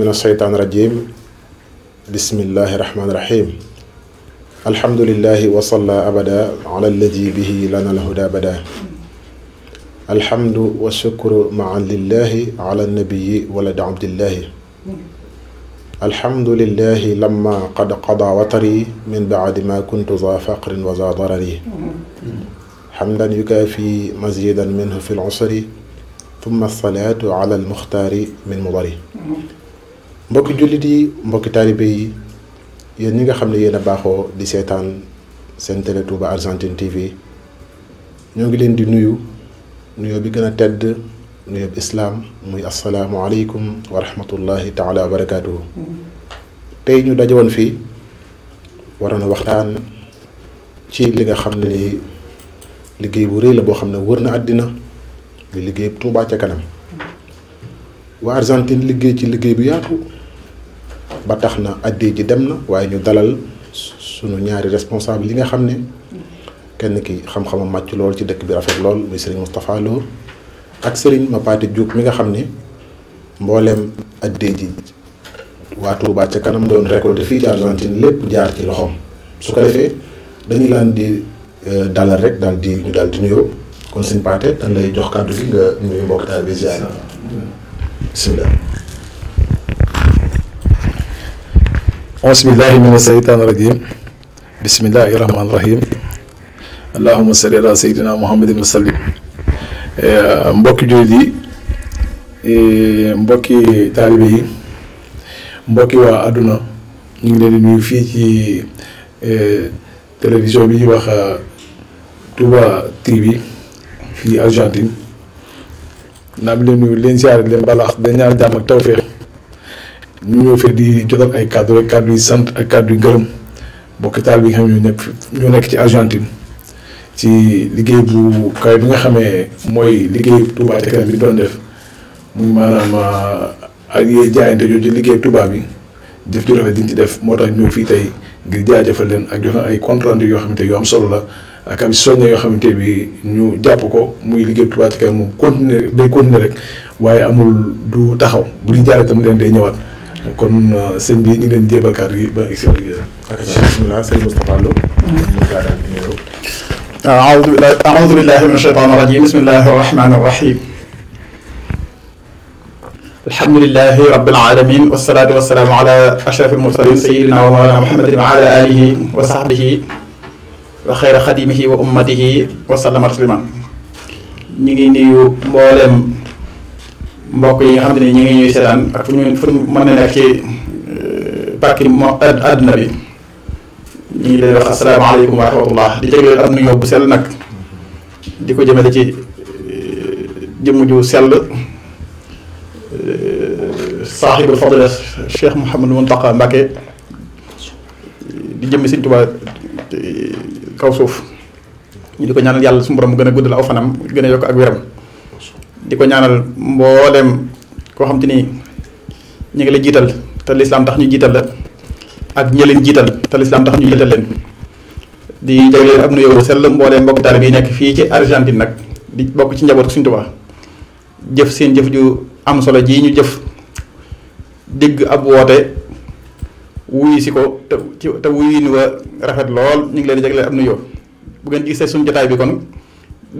من الشيطان الرجيم بسم الله الرحمن الرحيم الحمد لله وصلى أبدا على الذي به لنا الهدى بدا الحمد والشكر معا لله على النبي ولد عبد الله الحمد لله لما قد قضى وتري من بعد ما كنت ذا فقر وذا ضرري حمدا يكافي مزيدا منه في العسر ثم الصلاة على المختار من مضري mbokki jullit yi mbokki taalibe yi yéen ñi nga xam ne yéen a baaxoo di seetaan seen télé Touba Argentine TV ñoo ngi leen di nuyu nuyoo bi gën a tedd nuyoo bi islaam muy asalaamualeykum wa rahmatullahi taala wa barakaatuhu tey ñu daje fii waroon a waxtaan ci li nga xam ne ni liggéey bu rëy la boo xam ne wër na àddina li liggéey Touba ca kanam waa Argentine liggéey ci liggéey bu yaatu ba tax na addi ji dem na waaye ñu dalal sunu ñaari responsable yi nga xam ne kenn ki xam-xamam màcc lool ci dëkk bi rafet lool muy Serigne Moustapha Lo ak Serigne Mapaté Diouf mi nga xam ne mbooleem addi ji waa Touba ca kanam doon récolté fii ci Argentine lépp jaar ci loxoom su ko defee dañu laan di euh, dalal rek daal di ñu daal di nuyoo kon Serigne Pathé dañ lay jox kàddu gi nga nuyu mbokk taal bi ziar bismillah auzu billaahi mina seytaani rajiim bismillaahi rahmaani rahiim allahumma salli ala sayyidina muhammadin wa sallim mbokki jullit yi mbokki taalibe yi mbokki waa àdduna ñu leen di fii ci télévision bi ñuy wax Touba TV fii Argentine naam leen nuyu leen siyaare leen balaax dañ ñaan jàmm ak tawféex ñu ñëw fee di jotal ay cadre rek cadre yu sant ak cadre yu gërëm bokk taal bi nga xam ne ñu nekk ñu nekk ci Argentine ci liggéey bu kaw bi nga xamee mooy liggéey Touba Ca Kanam bi doon def muy maanaam ah, ak yee jaayante jooju liggéey Touba bi jëf ju rafet diñ ci def moo tax ñëw fii tey ngir jaajëfal leen ak jox ay compte yoo xamante yu am solo la ak am soññe yoo xamante bi ñu jàpp ko muy liggéey Touba Ca Kanam moom continuer day continuer rek waaye amul du taxaw bu jaar jaaree tam leen day ñëwaat. kon euh, sëñ bi ñu ngi leen jébbal kàddu gi ba gis yéen. ak bisimilah sëñ Moustapha Lo. aoudu billahi min ashaytani rajim bismillahi rahmani rahim alhamdulilahi rabbil alamin wasalaatu wasalaamu ala ashrafil mursalin sayidina wa mawlana muhammadin wa ala alihi wa sahbihi wa xayra xadimihi wa ummatihi wa sallama taslima ñu ngi nuyu mboolem mbokk yi nga xam te ne ñu ngi ñuy seetaan ak fu ñu fu ñu mën na ci euh, pàkki mo àdduna bi ñu ngi leen wax asalaamaaleykum wa rahmatullah di jege am nuyoo bu sell nag di ko jëmale ci euh, jëmm ju sell euh, saaxibul fadila Cheikh Mouhamadou Mountakha Mbacké di jëmm Sëriñ Tuubaa kaw suuf ñu di ko ñaanal yàlla suñu borom gën a guddal aw fanam gën a yokk ak wéram di ko ñaanal mboolem koo xam te ni ñu ngi la jiital te lislaam tax ñu jiital la ak ñi jiital te lislaam tax ñu jiital leen di jagleel ab nu bu sell mbooleem mbokk taalibe yi nekk fii ci Argentine nag di bokk ci njaboot Sëriñ Tuubaa jëf seen jëf ju am solo ji ñu jëf digg ab woote wuyu si ko te te wuyuin wa rafet lool ñu ngi leen di jagleel ab nuyoo bu ngeen gisee suñu jotaay bi kon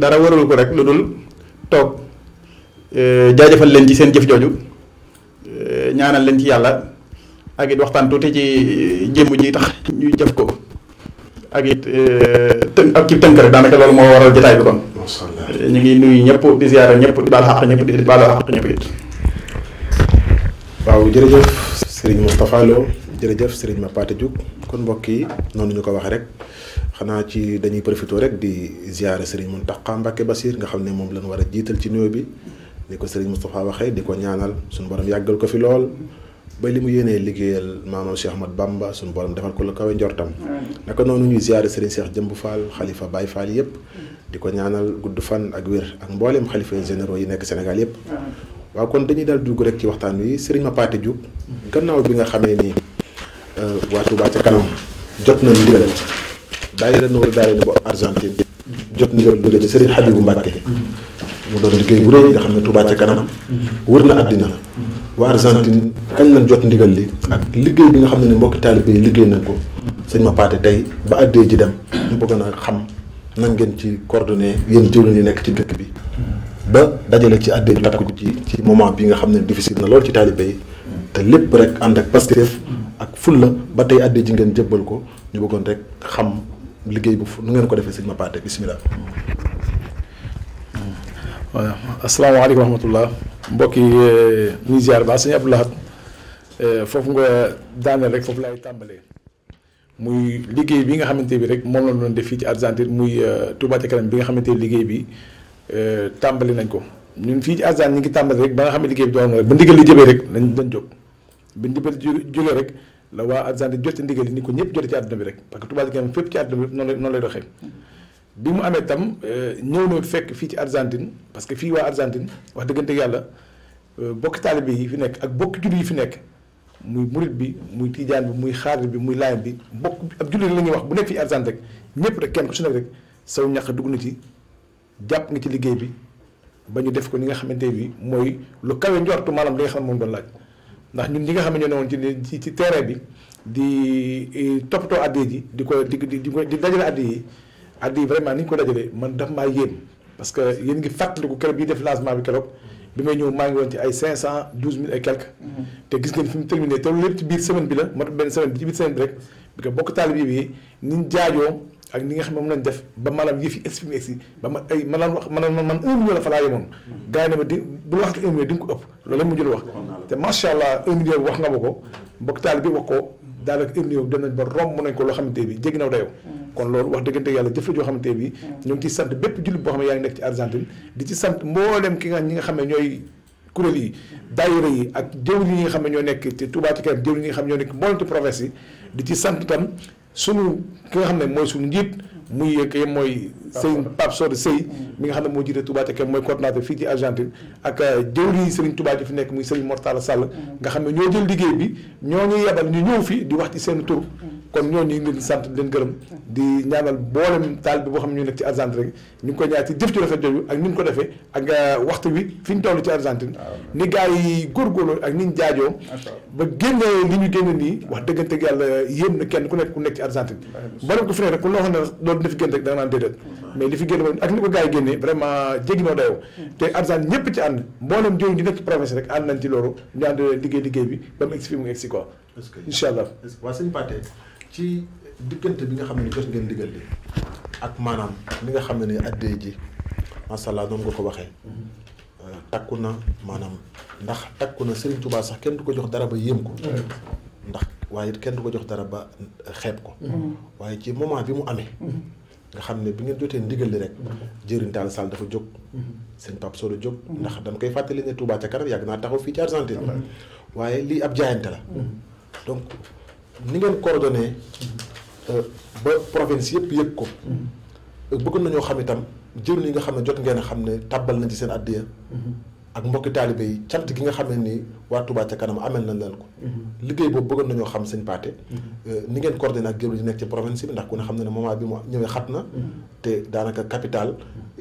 dara warul ko rek lu dul toog Euh, jaajëfal leen ci seen jëf jooju euh, ñaanal leen ci yàlla ak it waxtaan tuuti ci euh, jëmm ji tax ñu jëf ko ak it tënk ak ci tënk rek daanaka loolu moo waral jotaay bi kon. ñu ngi nuyu ñëpp di ziara ñëpp di baal xaq ñëpp di baal xaq ñëpp it. waaw jërëjëf Serigne Moustapha Lo kon mbokk yi noonu ñu ko waxee rek. xanaa ci dañuy profité rek di ziara Serigne Mountakha Mbacké Bassir nga xam ne moom lañ war a jiital ci nuyoo bi. ni ko sëriñ Moustapha waxee di ko ñaanal suñu borom yàggal ko fi lool ba li mu yéenee liggéeyal maamam Cheikh Ahmad Bamba suñu borom defal ko la kawe njortam. naka noonu ñuy ziare Serigne Cheikh Jëmb Fall xalifa Baye Fall yëpp. di ko ñaanal gudd fan ak wér ak mbooleem xalifa généraux yi nekk senegal yëpp. waaw kon dañuy daal dugg rek ci waxtaan wi ma Mapaté Diop. gannaaw bi nga xamee ni euh, waatu Touba ca kanam jot nañu ndigal daayira Nourou Darayni bu Argentine jot ndigal jóge ci Serigne Habibou Mbacké mu doon liggéey bu rëy nga xam ne Touba ca kanam wër na àddina waa Argentine kañ lañ jot ndigal li ak liggéey bi nga xam ne ne mbokki taalibe liggéey nañ ko sëñ ma paate tey ba ji dem ñu bëgg na xam nan ngeen ci coordonné yéen jëwlin yi nekk ci dëkk bi ba dajale ci àddee ju takku ji ci moment bi nga xam ne difficile na lool ci taalibe yi te lépp rek ànd ak Pastef ak fulla ba tey àddee ji ngeen jëbbal ko ñu bëggoon rek xam liggéey bu nu ngeen ko defee sëñ ma paate bismillah voilà asalaamaaleykum wa rahmatullah mbokk yi euh, ñu ziar baax sëñ Abdou euh, foofu nga daaneel rek foofu laay tàmbalee muy liggéey bi nga xamante bi rek moom la doon def fii ci Argentine muy euh, Touba ca kanam bi nga xamante liggéey bi tàmbali nañ ko ñun fii ci Argentine ñu ngi tàmbali rek ba nga xam ne liggéey bi doon rek ba ndigal li jëbee rek dañ dañ jóg ba ndigal jógee rek la waa Argentine jot ndigal ni ko ñëpp jotee ci àdduna bi rek parce que Touba ca kanam fépp bi mu amee tam euh, ñëw na fekk fii ci Argentine parce que fii waa Argentine wax dëggante yàlla euh, bokki taalibe yi fi nekk ak bokki julli yi fi nekk muy murit bi muy tiijaan bi muy xaadir bi muy laayam bi bokk ab julli la ñuy wax bu nekk fii Argentine rek ñëpp rek kenn ku su nekk rek saw ñax dugg na ci jàpp nga ci liggéey bi ba ñu def ko ni nga xamante bi mooy lu kawe njortu maanaam li nga xam moom doon laaj ndax ñun ñi nga xam ne ñoo newoon ci ci terrain bi di euh, toppatoo addiya di ko di di di dajale addi yi vraiment ni ñu ko dajalee man daf maa yéem parce que yéen ngi fàttaliku keroog yi def lancement bi keroog bi may ñëw maa ngi woon ci ay cinq cent douze mille et quelques mm-hmm. te gis ngeen fi mu terminé te loolu lépp ci biir semaine bi la moo tax benn semaine bi ci biir semaine bi rek bi bokk taalib yi ni ñu jaajoo ak ni nga xam ne moom lañ def ba maanaam yëf yi exprimé si ba ma ay ma naan wax ma man un million la laa yemoon mm-hmm. gars yi ne ma di bu la wax un million di nga jël wax te macha allah un wax nga ma ko bokk taalib bi wax ko daanaka urne yooyu dem nañ ba romb nañ ko loo xamante bi jéggi naw dayow mm. kon loolu wax dëggante yàlla jëf la joo xamante bi mm. ñu ngi ci sant bépp jullit boo xam ne yaa nekk ci Argentine di ci sant mboolem ki nga ñi nga xam ne ñooy kuréel yi daayira yi ak jëwriñ yi nga xam ne ñoo nekk ci Touba ci kanam jëwriñ yi nga xam ne ñoo nekk mboolem ci province yi di ci sant itam sunu ki nga xam ne mooy suñu njiit muy kii mooy sëñ Pape Sode Sey mm. mi nga xam ne moo jiite Touba Ca Kanam mooy coordonnateur fii ci Argentine ak euh, jëwriñ Serigne Touba ji fi nekk muy Serigne Mortala Sall mm. nga xam ne ñoo jël liggéey bi ñoo ñu yebal ñu ñëw wax ci seen tur mm. kon ñoo ñu ngi leen sant di leen gërëm di ñaanal boolem taal boo xam ne ñu nekk ci Argentine ñu ngi koy ñaar ci jëf ci rafet jooju ak ni ñu ko defee ak euh, waxtu wi fi ñu toll ci Argentine ni gars yi góor góorgóorloo ak ni ñu jaajoo ba génnee li ñu génn nii wax dëggante yàlla yéem na kenn ku nekk ku nekk ci Argentine boolem ko doon def génn rek da nga naan déedéet mais li fi génn moom ak li ko gars yi génnee vraiment jéggi na dayoo te artisan ñëpp ci ànd mboolem jëw ñi nekk province rek ànd nañ ci loolu ñu ànd liggéey liggéey bi ba mu egsi fi mu egsi quoi incha allah waa sëñ Pathé ci diggante bi nga xam ne jot ngeen digal li ak maanaam li nga xam ne addee ji macha allah noonu nga ko waxee euh, takku na maanaam ndax takku na Serigne Touba sax kenn du ko jox dara ba yéem ko ndax waaye kenn du ko jox dara ba xeeb ko. Mm-hmm. waaye ci moment bi mu amee. Mm-hmm. nga xam ne bi ngeen jotee ndigal li rek. Mm-hmm. jëriñ taal Sall dafa jóg. sëñ Pape Solo jóg. ndax dañ koy fàttali ne Touba ca kanam yàgg naa taxaw fii ci Argentine. waaye lii ab jaayante la. donc ni ngeen coordonné euh, ba province yëpp yëg ko. bëggoon nañoo xam itam jëriñ yi nga xam ne jot ngeen a xam ne tàbbal nañ ci seen addiya ak mbokki taalibe yi cant gi nga xam ne nii waa Touba ca kanam amel nañ leen ko. liggéey boobu bëggoon nañoo xam sëñ Pathé. Euh, ni ngeen coordonné ak jëwriñ di nekk ci province bi ndax ku ne xam ne ne moment bi mu ñëwee xat na. Mm-hmm. te daanaka capital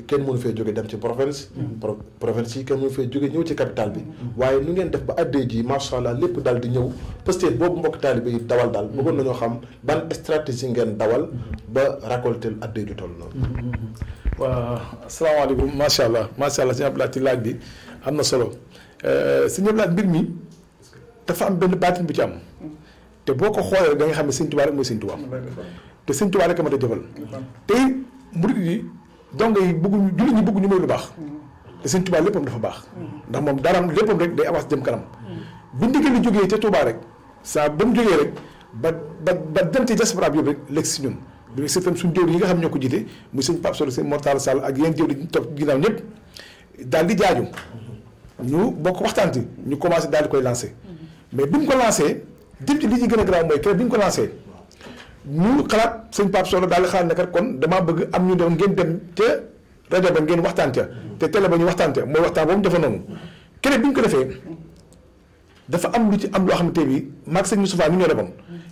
kenn mënu fee jóge dem ci province. Mm-hmm. province yi kenn mënu fee jóge ñëw ci capitale bi. Mm-hmm. waaye nu ngeen def ba addee ji macha allah lépp daal di ñëw Pastef boobu mbokk taalibe yi dawal daal. Mm-hmm. bëggoon nañoo xam ban stratégie ngeen dawal ba récolter addee ju toll noonu. waaw asalaamaaleykum macha allah macha allah sëñ Abdoulaye ci laaj bi am na solo euh, sëñ Abdoulaye mbir mi dafa am benn baatin bu ci am. te boo ko xoolee da nga xam ne sëñ Tuubaa rek mooy sëñ te sëñ Tuubaa rek a te donc bëgguñu jullit ñi ñu mooy lu baax te sëñ Tuubaa léppam dafa baax ndax moom daram léppam rek day avance jëm kanam bi ndigal li jógee ca Tuubaa rek saa ba mu jógee rek ba ba ba dem ci diaspora bi yëpp rek lekk si ñun bi si tam suñu jëwriñ yi nga xam ñoo ko jiite muy sëñ Pape Solo sëñ Mortal Sall ak yéen jëwriñ topp ginnaaw ñëpp daal di jaaju ñu bokk waxtaan ci ñu commencé daal di koy lancé mais bi ñu ko lancé jëm ci li ñu gën a garaaw mooy keroog ñu xalaat sëñ Pape Soxna daal di xalaat ne kat kon damaa bëgg am ñu dem ngeen dem ca rajo ba ngeen waxtaan ca te télé ba ñu waxtaan ca mooy waxtaan boobu dafa noonu keneen bi ñu ko defee dafa am lu ci am loo xamante bi maag sëñ Moustapha mi ñoo demoon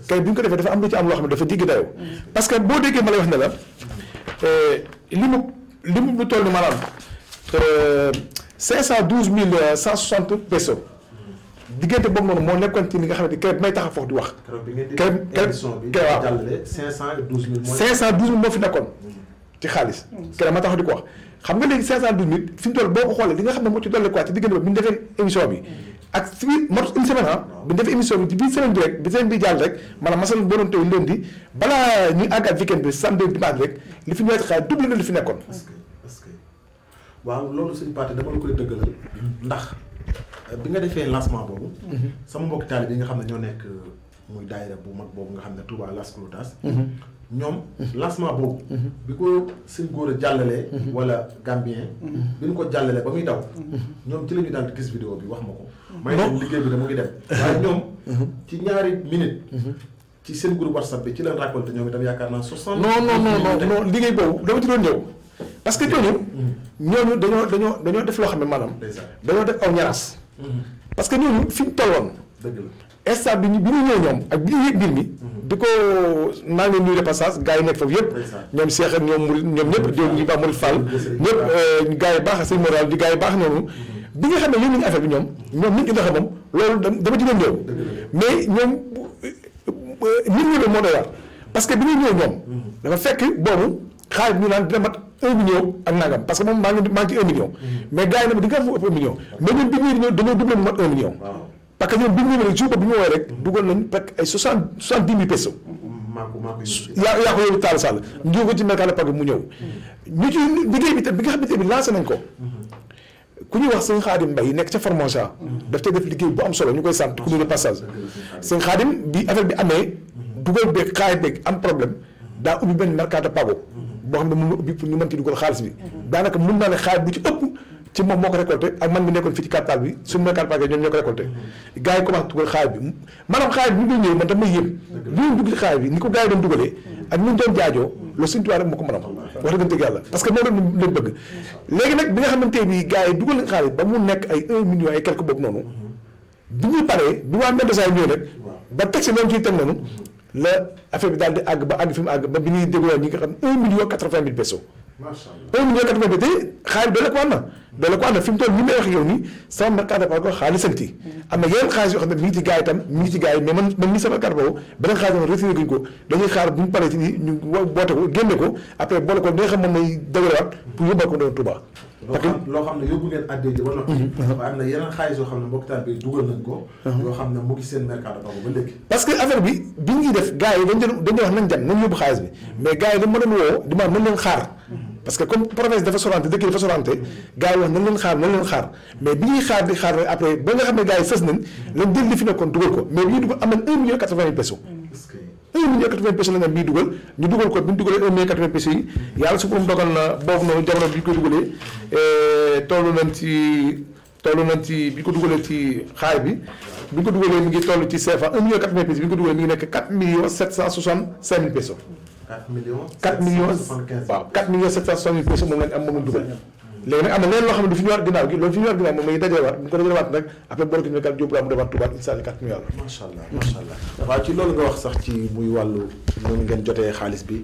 keneen bi ñu ko defee dafa am lu ci am loo xam ne dafa jéggi dayoo parce que boo déggee ma lay wax ne la eh, li mu li mu lu toll ni maanaam eh, cinq cent douze mille cent soixante pesos diggante boobu noonu moo nekkoon ci li nga xamante ni keroog may taxaw foofu di wax. keroog bi ngeen di émission bi waaw jàllale 512 000 xaalis. Mm. keroog ma taxaw di ko wax. xam nga léegi 512 000 fi boo ko xoolee li nga xam ne moo ci dolli quoi ci diggante bi ñu defee émission bi. Mm. ak fi mot une semaine ah. bi ñu rek bi semaine masal boo doon teew lundi balaa ñuy àggaat weekend bi samedi dimanche rek li fi ñëwaat xaalis double na li fi nekkoon. parce que parce que waaw loolu suñu parti dama mm. ndax bi nga defee lancement boobu. Mhm. sama mbokk taalibe yi nga xam ne ñoo nekk euh, muy daayira bu mag boobu nga xam ne Touba Las Clotas. Mhm. ñoom mhm. lancement boobu. bi ko seen góor a jàllalee. wala Gambien. bi ñu ko jàllalee ba muy daw. ñoom ci la ñu daan gis vidéo bi wax ma ko. may dem liggéey bi de mu ngi dem. waaye ñoom. ci ñaari minute. ci seen groupe WhatsApp bi ci leen raconté ñoom itam yaakaar naa soixante. non non non liggéey boobu dama ci ñëw. parce que ñooñu. ñooñu dañoo dañoo dañoo def loo xam ne maanaam. dañoo def aw ñaras. Mm-hmm. parce que ñooñu fi ñu tolloon. instant bi ñu bi ñu ñëw ñoom ak bi ñu yëg mm-hmm. ko maa ngi leen nuyu de passage gars yi nekk yëpp. ñoom Cheikh ñoom Mouride ñoom ñëpp di ñu ba Mouride ñëpp euh, gars yi baax sëñ moral di yi baax noonu. Mm-hmm. bi nga xam ne yéen nañu affaire ñoom. ñoom nit ñi nga xam moom loolu dama ci ñëw. mais ñoom euh, nit ñi moo doy waar. parce que bi ñu ñëw ñoom. dafa fekk boobu xaalis bi ñu naan dina mat un million ak nangam parce que moom maa ngi maa ngi ci un million. Mm-hmm. mais gars yi nag di nga fu ëpp un million. mais ñun bi ñuy ñëw dañoo doublé mu mat un million. parce que ñun bi ñu ñëwee rek jour bi ñu woowee rek. Mm-hmm. dugal nañ pekk ay soixante soixante dix mille pesos. yaa yaa ko yóbbu Talla Sall mm-hmm. ñu ko ci mercado pag mu ñëw. ñu ci liggéey bi tam bi nga xamante bi lancé nañ ko. ku ñuy wax sëñ Xaadim Mbay nekk ca Formosa. daf cee def liggéey bu am solo ñu koy sant ku ñu passage. sëñ Xaadim bi affaire bi amee. dugal beeg xaay beeg am problème daa ubbi benn mercado pago boo xam ne moom la ubbi pour ñu mën ci dugal xaalis bi daanaka mën naa ne xaalis bu ci ëpp ci moom moo ko récolté ak man mi nekkoon fii ci capital bi suñu ma ko récolté gars yi li ñu yi doon dugalee ak ñu doon jaajoo loolu suñu rek moo ko mën a am wax dëgg yàlla parce que moom la nekk ay un million ay quelque boobu noonu bi ñuy paree bi waa Mendoza ñëw nag ba teg si noonu ciy teg noonu la affaire bi daal di àgg ba àgg fi mu àgg ba bi ñuy dégloo ñi nga xam un million quatre-vingt mille pesos. un million quatre-vingt mille tey xaalis doole ko am na. doole ko am na fi mu toll ni may xaalisanti am na yeneen xaalis yoo xam ne mi ngi ci gars yi tam mi ngi ci gars yi mais man man mii sama mercado pago beneen xaalis moom retiré guñ ko dañuy ko génne ko après boole ko li nga xam moom mooy dëgëraat pour yóbbal ko doon Touba. loo xam ne yóbbu ngeen addee ji ba noppi mhm. Mhm. xam ne mbokk taal bi dugal nañ ko mhm. yoo xam ne mu ngi seen mercado boobu ba léegi parce que bi bi ñuy def gars yi dañ doon wax nañ dem nañ yóbbu bi mais xaar bi xaar ne après ba nga xam ne gars yi fës nañ lañ jël li fi nekkoon dugal ko mais bi ñuy dugal am nañ un million quatre vingt mille pesos un million dogal na boobu noonu jamono bi ñu koy dugalee Euh, toll nañ ci toll nañ ci bi ko dugalee ci xaay bi bi ko dugalee mi ngi toll ci CFA 1 million 80 pesos bi ñu nekk 4 millions 765 mille pesos. 4 millions am moom lañ loo xam ne du fi ñëwaat ginnaaw gi loolu fi ñëwaat ginnaaw moom lañuy dajalewaat bu ñu ko dajalewaat nag après boole ko ñu kat yóbbu laa mu demaat tubaab incha allah kat ñu yàlla macha allah macha allah waaw ci loolu nga wax sax ci muy wàllu noonu ngeen jotee xaalis bi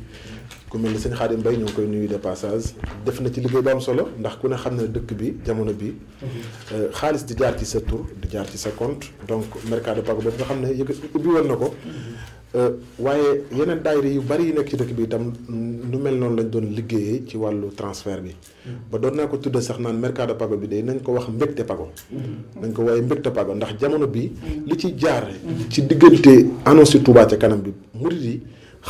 ku mel ni sëñ Xaadim Mbay ñoo koy nuyu de passage def na ci liggéey bu am solo ndax ku ne xam ne dëkk bi jamono bi mhm. xaalis di jaar ci sa tur di jaar ci sa compte donc mercado pago boobu nga xam ne yëg ubbi woon na ko mhm. euh, waaye yeneen daayira yu bari yu ci dëkk bi itam nu mel noonu lañ doon liggéeyee ci wàllu transfert bi mhm. ba doon naa ko tudde sax naan mercado pago bi de nañ ko wax mbégte pago nañ ko waaye mbégte pago ndax jamono bi li ci jaar ci diggante annoncé Touba ca kanam bi murid yi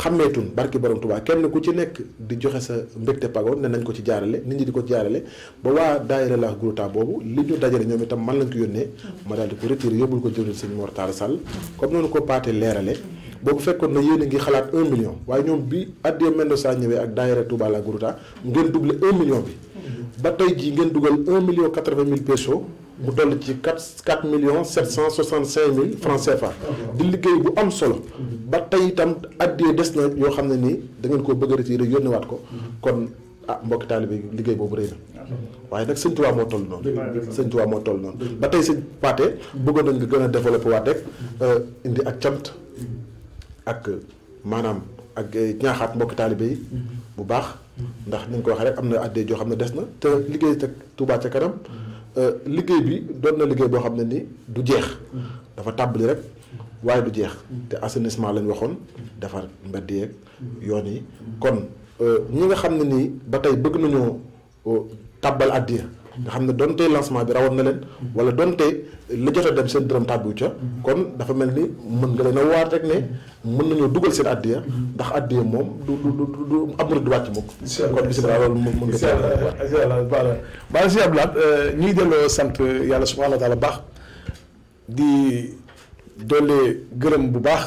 xàmmeetun barki borom Tuubaa kenn ku ci nekk di joxe sa mbégte pagoon ne nañ ko ci jaarale nit ñi di ko jaarale ba waa daayira la grouta boobu li ñu dajale ñoom itam man lañ ko yónnee ma daal di ko retiré yóbbul ko jëwriñ sëñ Mor Talla Sall comme noonu ko paate leerale boobu fekkoon na yéen a ngi xalaat 1 million waaye ñoom bi addee Mendoza ñëwee ak daayira Touba ngeen doublé 1 million bi mm-hmm. ba tey jii ngeen dugal 1 million 80 mille bu toll ci quatre quatre millions sept cent soixante cinq mille francs CFA. di liggéey bu am solo. ba tey itam addee des na yoo xam ne nii da ngeen koo bëgg a retiré yónnewaat ko. kon ah mbokki taalibe bi liggéey boobu rëy na. waaye nag sëñ Tuubaa moo toll noonu. sëñ Tuubaa moo toll noonu. ba tey sëñ Paate bëggoon nañ nga gën a développé waat rek euh, indi ak cant ak maanaam ak euh, ñaaxaat mbokki taalibe yi bu baax. ndax ni nga ko waxee rek am na addee joo xam ne des na te liggéey te Tuubaa ca kanam. Euh, liggéey bi doon na liggéey boo xam ne ni du jeex dafa tàmbali rek waaye du jeex te assainissement lañ waxoon defar mbedd yeeg yoon yi kon euh, ñi nga xam ne nii ba tey bëgg nañoo euh, tàbbal àddiya nga xam ne donte lancement bi rawoon na leen wala donte la jot a dem seen dërëm tàbbiwu ca kon dafa mel ni mën nga leen a waar rek ne mën nañoo dugal seen addiya ndax addiya moom du du du du am na du wàcc mukk kon bis loolu mën nga jàll bala bala si sant yàlla subhanahu wa taala baax di doolee gërëm bu baax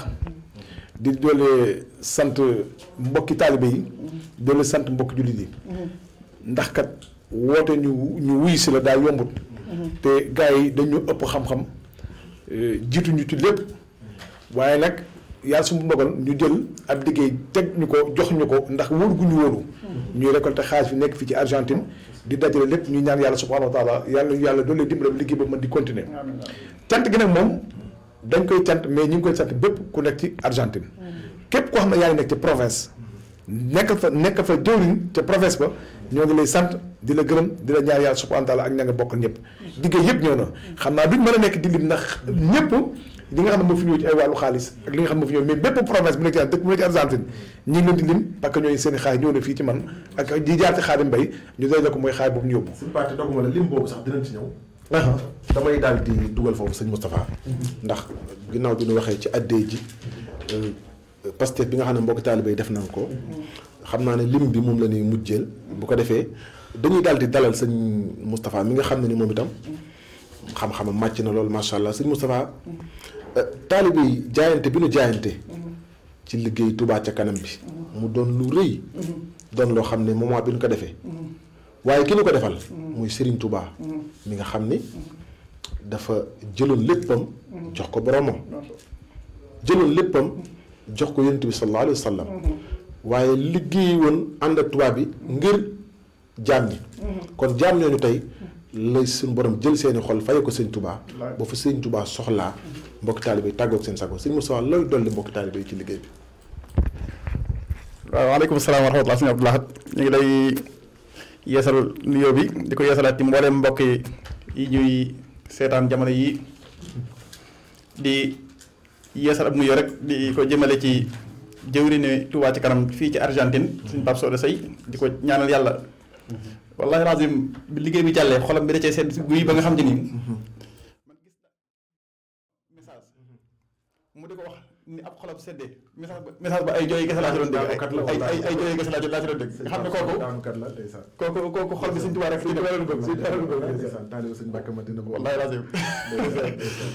di doolee sant mbokki taalibe yi doolee sant mbokki jullit yi mm-hmm. ndax kat woote ñu ñu wuy si la daal yombut mm-hmm. te gars yi dañu ëpp xam-xam euh, jiitu ñu ci lépp waaye nag yàlla su mu dogal ñu jël ab liggéey teg ñu ko jox ñu ko ndax wóor gu ñu wóolu mm-hmm. ñuy récolter xaalis bi nekk fii ci Argentine di dajale lépp ñu ñaan yàlla subhanahu wa taala yàlla yàlla doole dimbali liggéey ba mën di continuer cant gi nag moom dañ koy cant mais ñu ngi koy cant bépp ku nekk ci Argentine mm-hmm. képp koo xam ne yaa ngi nekk ci province nekk fa nekk fa jëwriñ ca province ba ñoo ngi lay sant di la gërëm di la ñaan yàlla subhanahu ak ña nga bokkal ñëpp digge yëpp ñëw na xam naa duñ mën a nekk di lim ndax ñëpp li nga xam ne moo fi ñëw ci ay wàllu xaalis ak li nga xam ne moo fi ñëw mais bépp province bu nekk ci Argentine ñi ngi di lim parce que ñooy seen xaay ñëw na fii ci man ak di jaar ci xaadim mbay ñu day la ko mooy xaay boobu ñu yóbbu suñu parti doguma la lim boobu sax dinañ ci ñëw ah. damay daal di dugal foofu sëñ Moustapha mhm. ndax ginnaaw ji euh, Pastef bi nga xam ne mbokk taalibe yi def nañ ko xam naa ne lim bi moom la ñuy mujjeel bu ko defee dañuy daal di dalal sañ Moustapha mi nga xam ne ni moom itam xam-xamam màcc na loolu macha allah sëñ Moustapha euh, taalibe yi jaayante bi nu jaayante ci liggéey Touba ca kanam bi mu doon lu rëy doon loo xam ne moment bi nu ko defee waaye ki nu ko defal muy Serigne Touba mi nga xam ni dafa jëloon léppam jox ko boromam jëloon léppam jox ko yonent bi sallallahu alayhi wa waaye liggéey woon ànd ak tubaab bi ngir jaam ñi kon jaam ñooñu tey lay suñ borom jël seeni xol faye ko sëñ tubaa ba fa sëñ tubaa soxlaa mbokki taalibe yi tàggoog seen sago sëñ Moussa looy dolli mbokki taalibe yi ci liggéey bi waaw waaleykum salaam wa rahmatulah sëñ Abdou Lahad ñu ngi lay yeesal nuyoo bi di ko yeesalaat ci mbooleem mbokk yi ñuy seetaan jamono yi di yeesal ab yor rek di ko jëmale ci jëwriñu Touba ci kanam fii ci Argentine mhm. suñu Pape Soda Sey di ko ñaanal yàlla mhm. wallahi lazim bi liggéey bi jàllee xolam bi da cee sedd guy ba nga xam te ni mhm. ni ab xolam seddee message ba ay jooy kese laa ci doon dégg nga xam ne kooku kooku xol bi suñ tubaab rek suñ wallaahi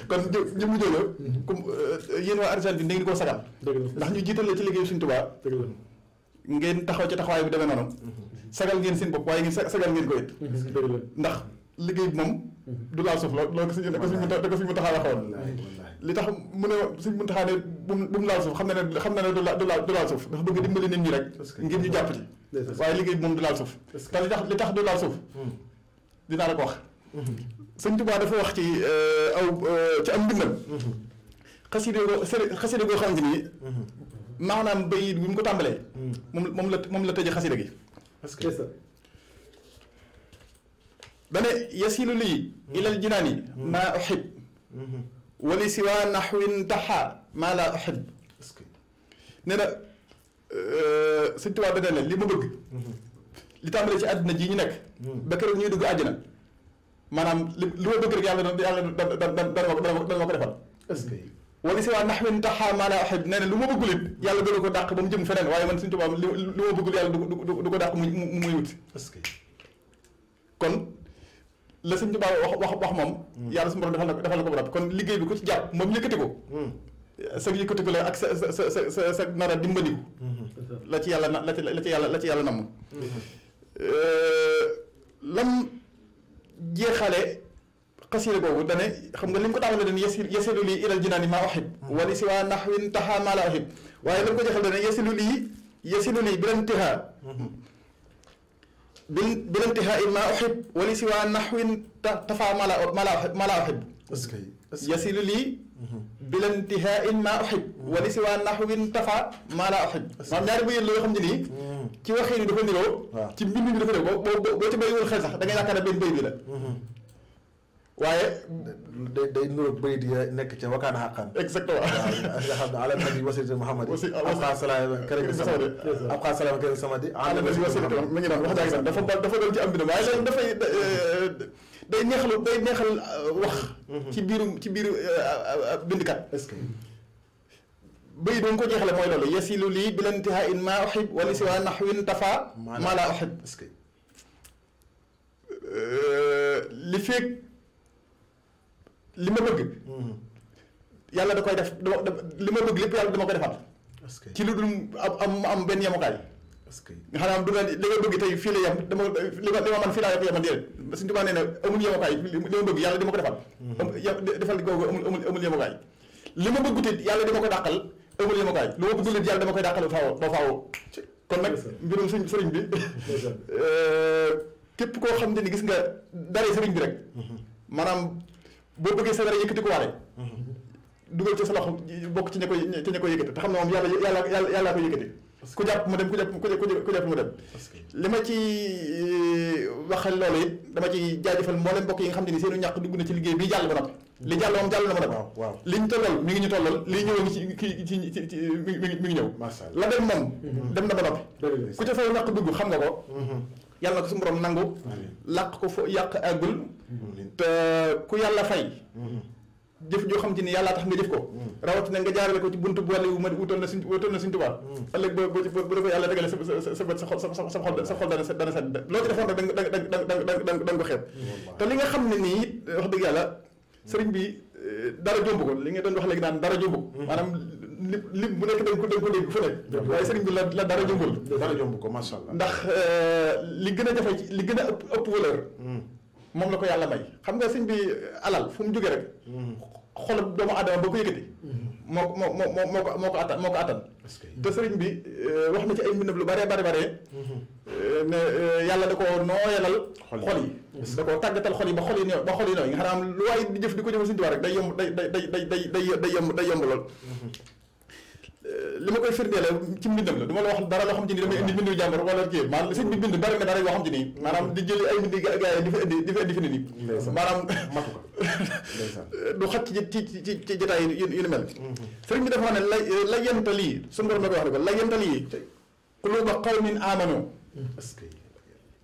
kon jëm mhm. mu jóge euh, sagal ndax ñu jiital la ci liggéey suñ tubaab ngeen taxaw ci taxawaay bu demee noonu mhm. sagal ngeen seen bopp waaye ngi sagal ngeen ko it mhm. ndax liggéey bi moom du laal suuf loolu ko suñu ko suñu mu taxaw li tax mu ne suñ mën taxaa bu mu laal suuf xam ne xam na ne du laal du laal suuf dafa bëgg dimbali nit ñi rek ngir ñu jàpp ci waaye liggéey bi moom du laal suuf te li tax li suuf hmm. dinaa la ko wax hmm. sëñ Tuubaa dafa wax ci euh, aw euh, ci am mbindam hmm. xasida goo xasida goo xam ne nii naan bayit bi mu ko tàmbalee moom moom la moom la tëjee xasida gi dane yasilu lii ilal jinaani maa uhib wali si waa naxwin taxa maa laa uhib nee na euh, sëñ Tuubaa dana leen li ma bëgg li tàmbalee ci àddina ji ñu nekk ba keroog ñuy dugg àjjana maanaam li li ma bëgg rek yàlla yàlla dana dana dana ma ko defal wala si waa naxwin taxaa maanaa waxee nee na lu ma bëggul it yàlla dana ko dàq ba mu jëm feneen waaye man suñu tubaab li ma bëggul yàlla du ko du ko dàq mu muy wut kon la sëñ Tuubaa wax wax wax moom hmm. yàlla su borom defal na ko defal na ko ba kon liggéey bi ku ci jàpp moom yëkkati ko hmm. sa yëkkati ko la ak sa sa sa sa nara dimbali ko hmm. la ci yàlla na la ci la yàlla la ci yàlla namm euh, lam jeexale xasiida googu dane xam nga li ko tàmbalee dañ yasir yasiru lii ilal jinaani maa uhib wali si waa naxwin taxaa maa la uhib waaye lam ko jeexal dane yasiru lii yasiru lii bi leen tixaa بالانتهاء ما أحب ولسوى نحو تفع ما لا أحب يصل لي بالانتهاء ما أحب ولسوى نحو تفع ما لا أحب maanaam ñaari bëyit la yoo xam ne nii hmm. ci waxin dafa niroo ci mbind mi dafa niroo boo boo ci béyiwul xel sax da ngay yaakaar ne benn bëy bi la hmm. waaye day day nuróog bëri di nekk ca wakaana xaqan exactement nga xam ne alal nabi wasirte Muhammad abqa salaam kërëm samadi abqa salaam kërëm samadi alal nabi wasirte mi ngi naan wax daa dafa ba dafa dal ci am bina waaye léegi dafay eh, day neexalu day neexal eh, wax mm-hmm. ci biiru ci biiru bindkat bëy doon ko jeexale mooy loolu yasilu lii bila intiha in ma uhib wala si waa naxwin tafa ma la uhib eh, li fekk li ma bëgg. yàlla da koy def li ma bëgg lépp yàlla dama koy defal. ci lu dul am am benn yemukaay. que nga xam ne du li nga bëgg tey fii la yem dama li ma li ma man fii laa ko yemal déedéet parce que nee na amul yemukaay li ma bëgg yàlla dama ko defal. Mhm. amul amul amul ma bëgg te yàlla dama ko dàqal amul yemukaay lu ma bëgg yàlla dama koy dàqal faaw ba faaw. kon nag mbirum sëñ sëriñ bi euh, képp koo xam ne ni gis nga dara sëriñ bi rek mhm. boo bëggee sa dara yëkkati ko waale dugal ci sa loxo bokk ci ña koy ci ña koy yëkkati te xam na moom yàlla yàlla yàllaa ko yëkkati ku jàpp mu dem ku jàpp mu dem li ma ci euh, waxal loolu it dama ci jaajëfal mboolem mbokk yi nga xam ne ni seenu ñàkk dugg na ci liggéey bii jàll ba noppi li jàll moom jàll na ma nag waaw li ñu tollal mi ngi ñu tollal li ñëw ngi ci ci ci mi ngi ñëw la dem moom mhm. dem na ba noppi ku ca fay ñàkk dugg xam nga ko mhm. yàlla ko suñu borom nangu làq ko fo yàq àggul te ku yàlla fay jëf joo xam ci ni yàllaa tax nga jëf ko rawatina nga jaarale ko ci buntu bu wàllu na suñ wutoon na suñ tubaab ëllëg ba ba bu dafa yàlla dagale sa sa sa bët sa xol sa xol sa xol dana danga danga danga danga ko xeeb te li nga xam ne nii wax dëgg yàlla sëriñ bi eh, dara jomb ko li nga doon wax léegi naan dara jomb ko mm-hmm. maanaam li lim bu nekk dañ ko dañ ko dégg fu nekk waaye sëriñ bi la la dara jombul dara jomb ko macha allah ndax euh, li gën a jafe li gën a ëpp ëpp valeur hmm. moom la ko yàlla may xam nga sëriñ bi alal fu mu jógee rek hmm. xolub doomu aadama ba ko yëkkati hmm. moo ko moo moo moo ko moo attan moo ko attan te sëriñ bi euh, wax na ci ay mbindam lu bare bare bare euh, ne yàlla da ko nooyalal xol yi da ko tàggatal xol yi ba xol yi ba xol yi di jëf di ko jëf sëriñ Tuubaa rek day yomb day day day day day day yomb day yomb li ma koy firndeel ci mbindam la du ma la wax dara loo xam ci ni damay indi mbindu jàmbur wala kii maanaam sëñ bi bind bari na dara yoo xam ci nii mm-hmm. maanaam di jëli ay mbindi gaa yi di fi indi di fi indi nii maanaam du xat ci ci ci jotaay yu ni mel mm-hmm. sëriñ bi dafa wax ne la la yental yi suñu borom koy wax ne ko la yental yi quluba qawmin amanu mm-hmm.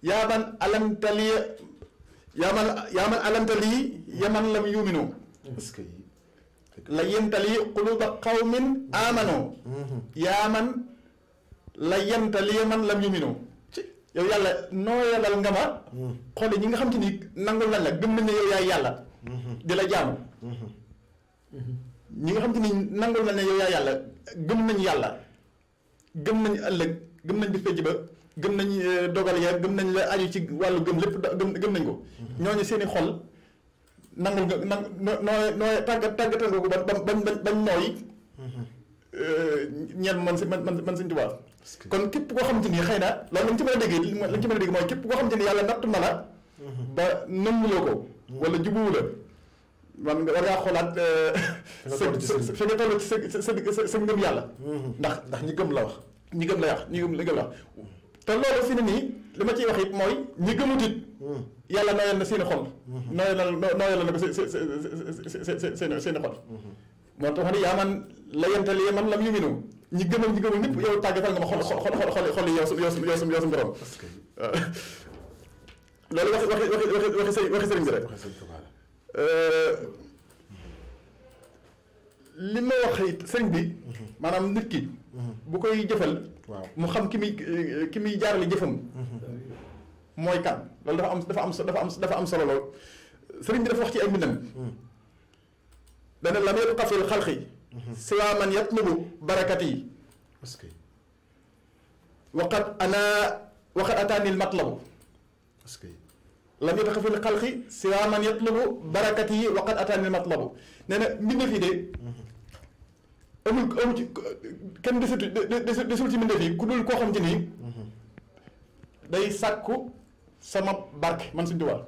yaa man alamtali yaa yaa man alamtali yaman lam layyantali quluba qawmin amano mm-hmm. yaa man layyantali man lam yumino yow yàlla nooyalal nga ma mm. xooli ñi nga xam te ni nangul nañ la gëm nañ ne yàlla mm-hmm. di la mm-hmm. ñi nga xam ni nangul nañ ne yàlla gëm nañ yàlla gëm nañ ëllëg gëm nañ bis péj ba gëm nañ eh, dogal ya gëm nañ la aju ci wàllu gëm lépp gëm nañ ko ñooñu seeni xol nangul nga nang nooy nooy tàggat tàggatal nga ko ba ba ba ba nooy. Mm-hmm. Euh, ñeent man si man man Sëñ Tuubaa kon képp koo xamante ni xëy na loolu lañ ci mën a déggee li lañ ci mën a dégg mooy képp koo xamante ni la. Mm-hmm. ba nanguloo ko. Mm-hmm. wala jubuwu la. man war ngaa xoolaat. Euh, sa fi nga toll ci sa sa sa sa yàlla. ndax ndax ñi gëm la wax. ñi gëm la wax ñi gëm la wax. te loolu fi nii li ma ci wax it mooy ñi gëmut it hmm. yàlla nooyal na seen i xol. Hmm. nooyal na nooyal na seen seen xol. Hmm. moo tax ni yaa man la man lam yuminu ñi gëmal ñi gëmal yow tàggatal nga ma xol xol xol xol xol yow su yow su yow su yow loolu waxi waxi waxi waxi sëriñ bi rek. Euh, li ma wax it sëriñ bi. maanaam nit ki. bu koy jëfal. waaw mu xam ki muy euh, ki muy jaarale jëfam. Mm-hmm. mooy kan loolu dafa am dafa am dafa am dafa am solo lool sëriñ bi dafa wax ci ay mbindam. Mm-hmm. dana lam yëpp xafil xalqi. Mm-hmm. siwaa man yatlubu barakat yi. parce que waqat ana waqat ataanil matlabu. parce que lam yëpp xafil xalqi siwaa man yatlubu barakat yi waqat ataanil matlabu nee na mbindéef yi de. amul amul ci kenn desul desul ci mbindeef yi ku dul koo xam ci nii day sàkku sama barke man si tubaab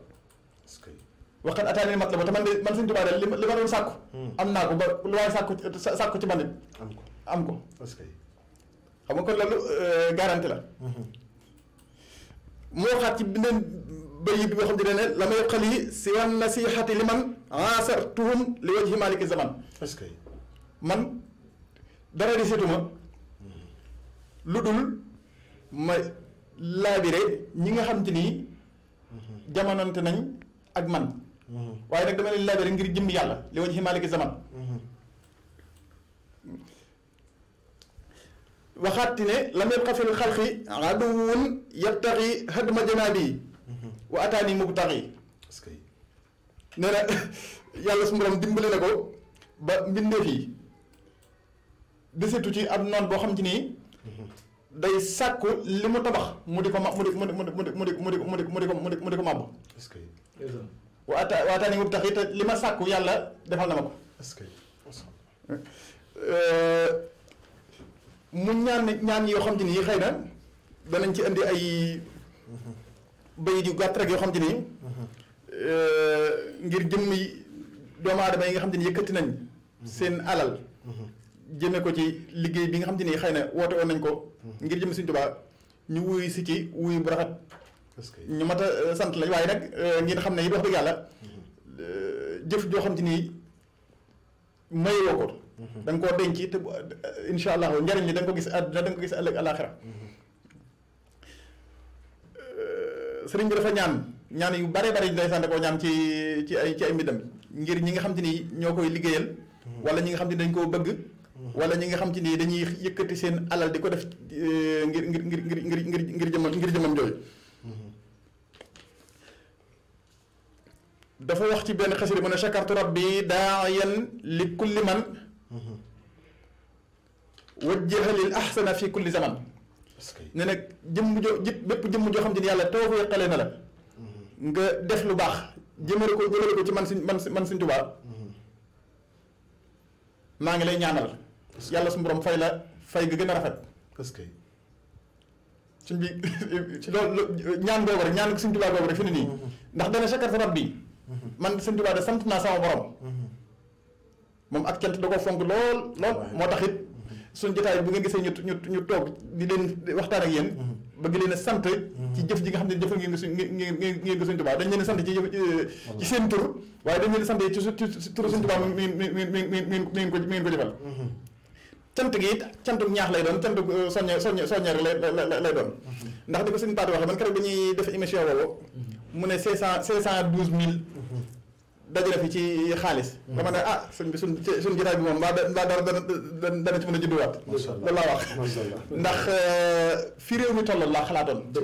waxat ataani mat la ba te man de man suñ tubaab de li ma doon sàkku hmm. am naa ko man nit am ko xam nga kon loolu euh, garanti la hmm. moo xaat ci beneen bayit bi nga xam ne ne la may xal yi si wan nasihati li man ansar tuhum li wajhi maliki zaman man dara di setuma lu dul ma laabire ñi nga xam te nii jamonante nañ ak man waaye nag dama leen laabire ngir jëmm yàlla li wañ ximaaliki zaman waxaati ne lam yabqa fil xalqi aduwun yabtaxi hadma janaabi wa ataani mubtaxi nee na yàlla su borom na ko ba mbindeef yi desetu ci ab noon boo xam ci nii day sàkku li mu tabax mu di ko ma mu di mu di mu di mu di mu di mu di mu di mu ko màbb. est-ce que. waata waata ni mu tax it li ma sàkku yàlla defal na ma ko. est-ce que. Euh, mu ñaan ñaan yoo xam ci nii xëy na danañ ci indi ay bayit yu gàtt rek yoo xam ci nii euh, ngir jëmmi doomu aadama yi nga xam ci ni yëkkati nañ seen alal. jëme ko ci liggéey bi nga xam te ni xëy na woote woon nañ ko hmm. ngir si Sëriñ Tuubaa ñu wuyu si ci wuyu bu rafet ñu mat a euh, sant lañ waaye nag euh, ngeen xam ne yi wax yàlla hmm. euh, jëf joo xam te ni mayoo ko hmm. da nga koo denc te insha allah njariñ li da ko gis àdduna da nga ko gis ëllëg àlaxira sëriñ bi dafa ñaan ñaan yu bare bare day sànni koo ñaan ci ci ay ci ay ngir ñi nga xam te ni ñoo koy liggéeyal wala ñi nga xam te ni dañ koo bëgg wala ñi nga xam ci nii dañuy yëkkati seen alal di ko def euh, ngir ngir ngir ngir ngir ngir ngir jëmam ngir jëmam jooju dafa wax ci benn xasida mu ne shakartu rabbi daayan li kulli man wajjaha lil ahsana fi kulli zaman ne nag jëmm jo jëpp bépp jëmm joo xam ne yàlla tawfiqale na la nga def lu baax jëmale ko jëmale ko ci man suñ man suñ man suñ Tuubaa mm-hmm. maa ngi lay ñaanal yàlla suñu borom fay la fay nga gën a rafet. parce que. suñ bi ci loolu ñaan googu rek ñaan suñ Tuubaa googu rek fi ne nii. ndax dana chakarta rabbi. man suñ Tuubaa de sant naa sama borom. moom ak cant moo tax it suñ jotaay bu ngeen gisee ñu ñu ñu toog di leen waxtaan ak yéen. bëgg sant. ci jëf xam ne jëfal ngeen suñ ngeen ngeen ko dañ leen a sant ci ci seen tur waaye dañ leen a sant ci su ci suñ Tuubaa mi mi mi mi mi ngeen ko ngeen ko jëfal. cant gi it cantu ñaax lay doon cantu uh, soññe soññe soññe rek lay doon mhm. ndax di ko suñu paatu waxee man keroog dañuy def émission boobu mhm. mu ne cinq cent cinq cent douze mille mhm. dajale fi ci xaalis dama ne ah suñ bi suñ suñ jotaay bi moom mbaa mbaa dara dana dana ci mën a judduwaat loolu laa wax ndax uh, fi réew mi toll laa xalaatoon uh,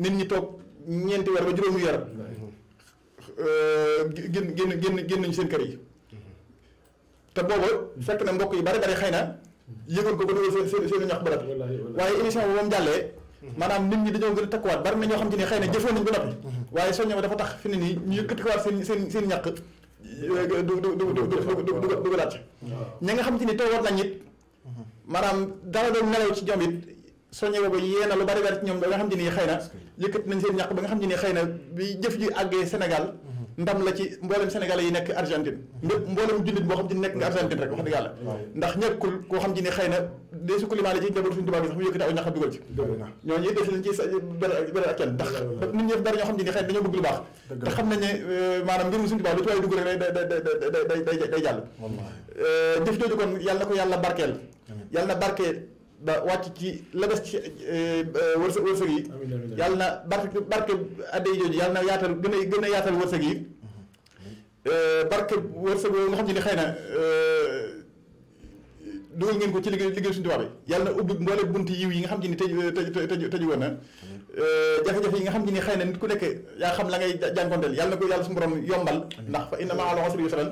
nit ñi toog ñeenti weer ba juróomi weer génn génn génn génn nañ seen kër yi te booba fekk na mbokk yi bari bari xëy na yëgoon ko ba dugal seen seen ñax barab waaye émission bi moom jàllee maanaam nit a ñoo xam ci ne xëy na jëfoon nañ ba noppi waaye soññe ba dafa tax fi ne nii ñu yëkkatikuwaat seen seen seen ñàq du du du dugalaat ci ña nga xam ci ne toogoon nañ it maanaam dara doon nelaw ci ñoom it soññe boobu yéena lu bari bari ci ñoom ba xam ne nii xëy na yëkkati nañ seen ñàq ba nga xam nii xëy bi jëf ji àggee Sénégal mm-hmm. ndam la ci mboolem sénégalais yi nekk Argentine mm-hmm. mbépp mboolem jullit boo xam ci nekk nga Argentine rek wax dëgg yàlla ndax ci ni xëy na dee sukku limaale ci njabootu suñu tubaab yi sax mu yëkkati aw ñaxam dugal ci ñooñu def ak kenn ndax nit ñi bari ñoo xam ci ni dañoo bëgg lu baax te xam nañ euh, maanaam mbirum suñu tubaab lu tubaab yi dugg rek day day day day jàll euh, jëf jooju kon yàlla ba wàcc ci la des ci euh, euh, wërsëg wërsëg yi yàlla na barke barke adde yi jooju yàlla na yaatal gën a gën a yaatal wërsëg yi mm-hmm. euh, barke wërsëg nga xam ne ni xëy na dugal ngeen ko ci liggéey liggéey suñu tubaab yi yàlla na ubbi mboole bunti yiw yi nga xam ci ni tëj tëj tëj na eh, jafe-jafe yi nga xam ci ni xëy na nit ku nekk yaa xam la ngay jànkonteel yàlla na ko yàlla suñu borom yombal ndax fa inna ma'al usri yusran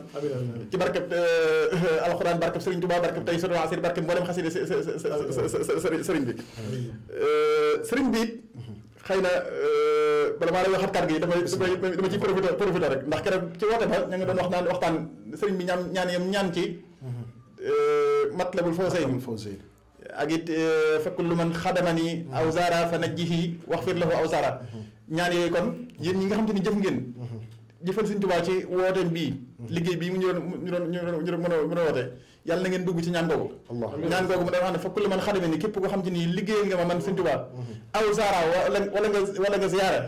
ci barkeb eh, alxuraan barkeb sëriñ Tuubaa barkeb tey soto asir bi eh, sëriñ bi it xëy na bala maa lay waxaat kàddu gi damay dama ciy profité profité rek ndax keroog ci woote ba ñu doon wax naan waxtaan sëriñ bi ñaan ñaan yam ñaan ci Euh, matlabul fawzayni ak it euh, fekkul lu man xadamani aw zara fa najjihi wax fir lahu aw zara mhm. ñaan yooyu kon yéen ñi nga xam te ni jëf ngeen mhm. jëfal Sëñ Tuubaa ci wooteem bii mhm. liggéey bii mu ñu doon ñu doon ñu doon mën a a xam ne fekkul lu man xadamani képp koo xam te ni liggéeyal nga ma man Sëñ Tuubaa aw zara wala nga wala nga ziyaara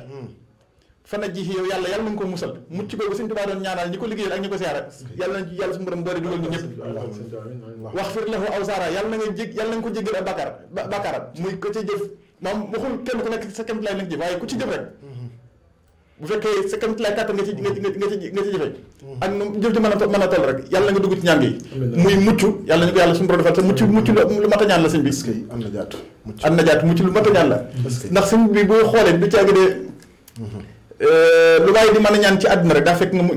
fana ji yow yàlla yàlla na nga ko musal mucc googu Sëñ Tuubaa doon ñaanal ñi ko liggéeyal ak ñi ko siyaare yàlla nañ yàlla na nga ko jéggal ak bàkkaar muy ko ci jëf maam waxul kenn ku nekk sa kémt lay nag jëf waaye ku ci jëf rek bu fekkee sa lay kàttan nga ci nga nga ci nga ak nu jëf ji mën a a toll rek yàlla na nga dugg ci ñàng yi muy mucc yàlla nañu ko yàlla suñu borom defal te lu mat a la sëñ bi lu mat a la ndax sëñ bi boo xoolee du Euh, lu waaye di mën a ñaan ci àdduna rek daa fekk nga mu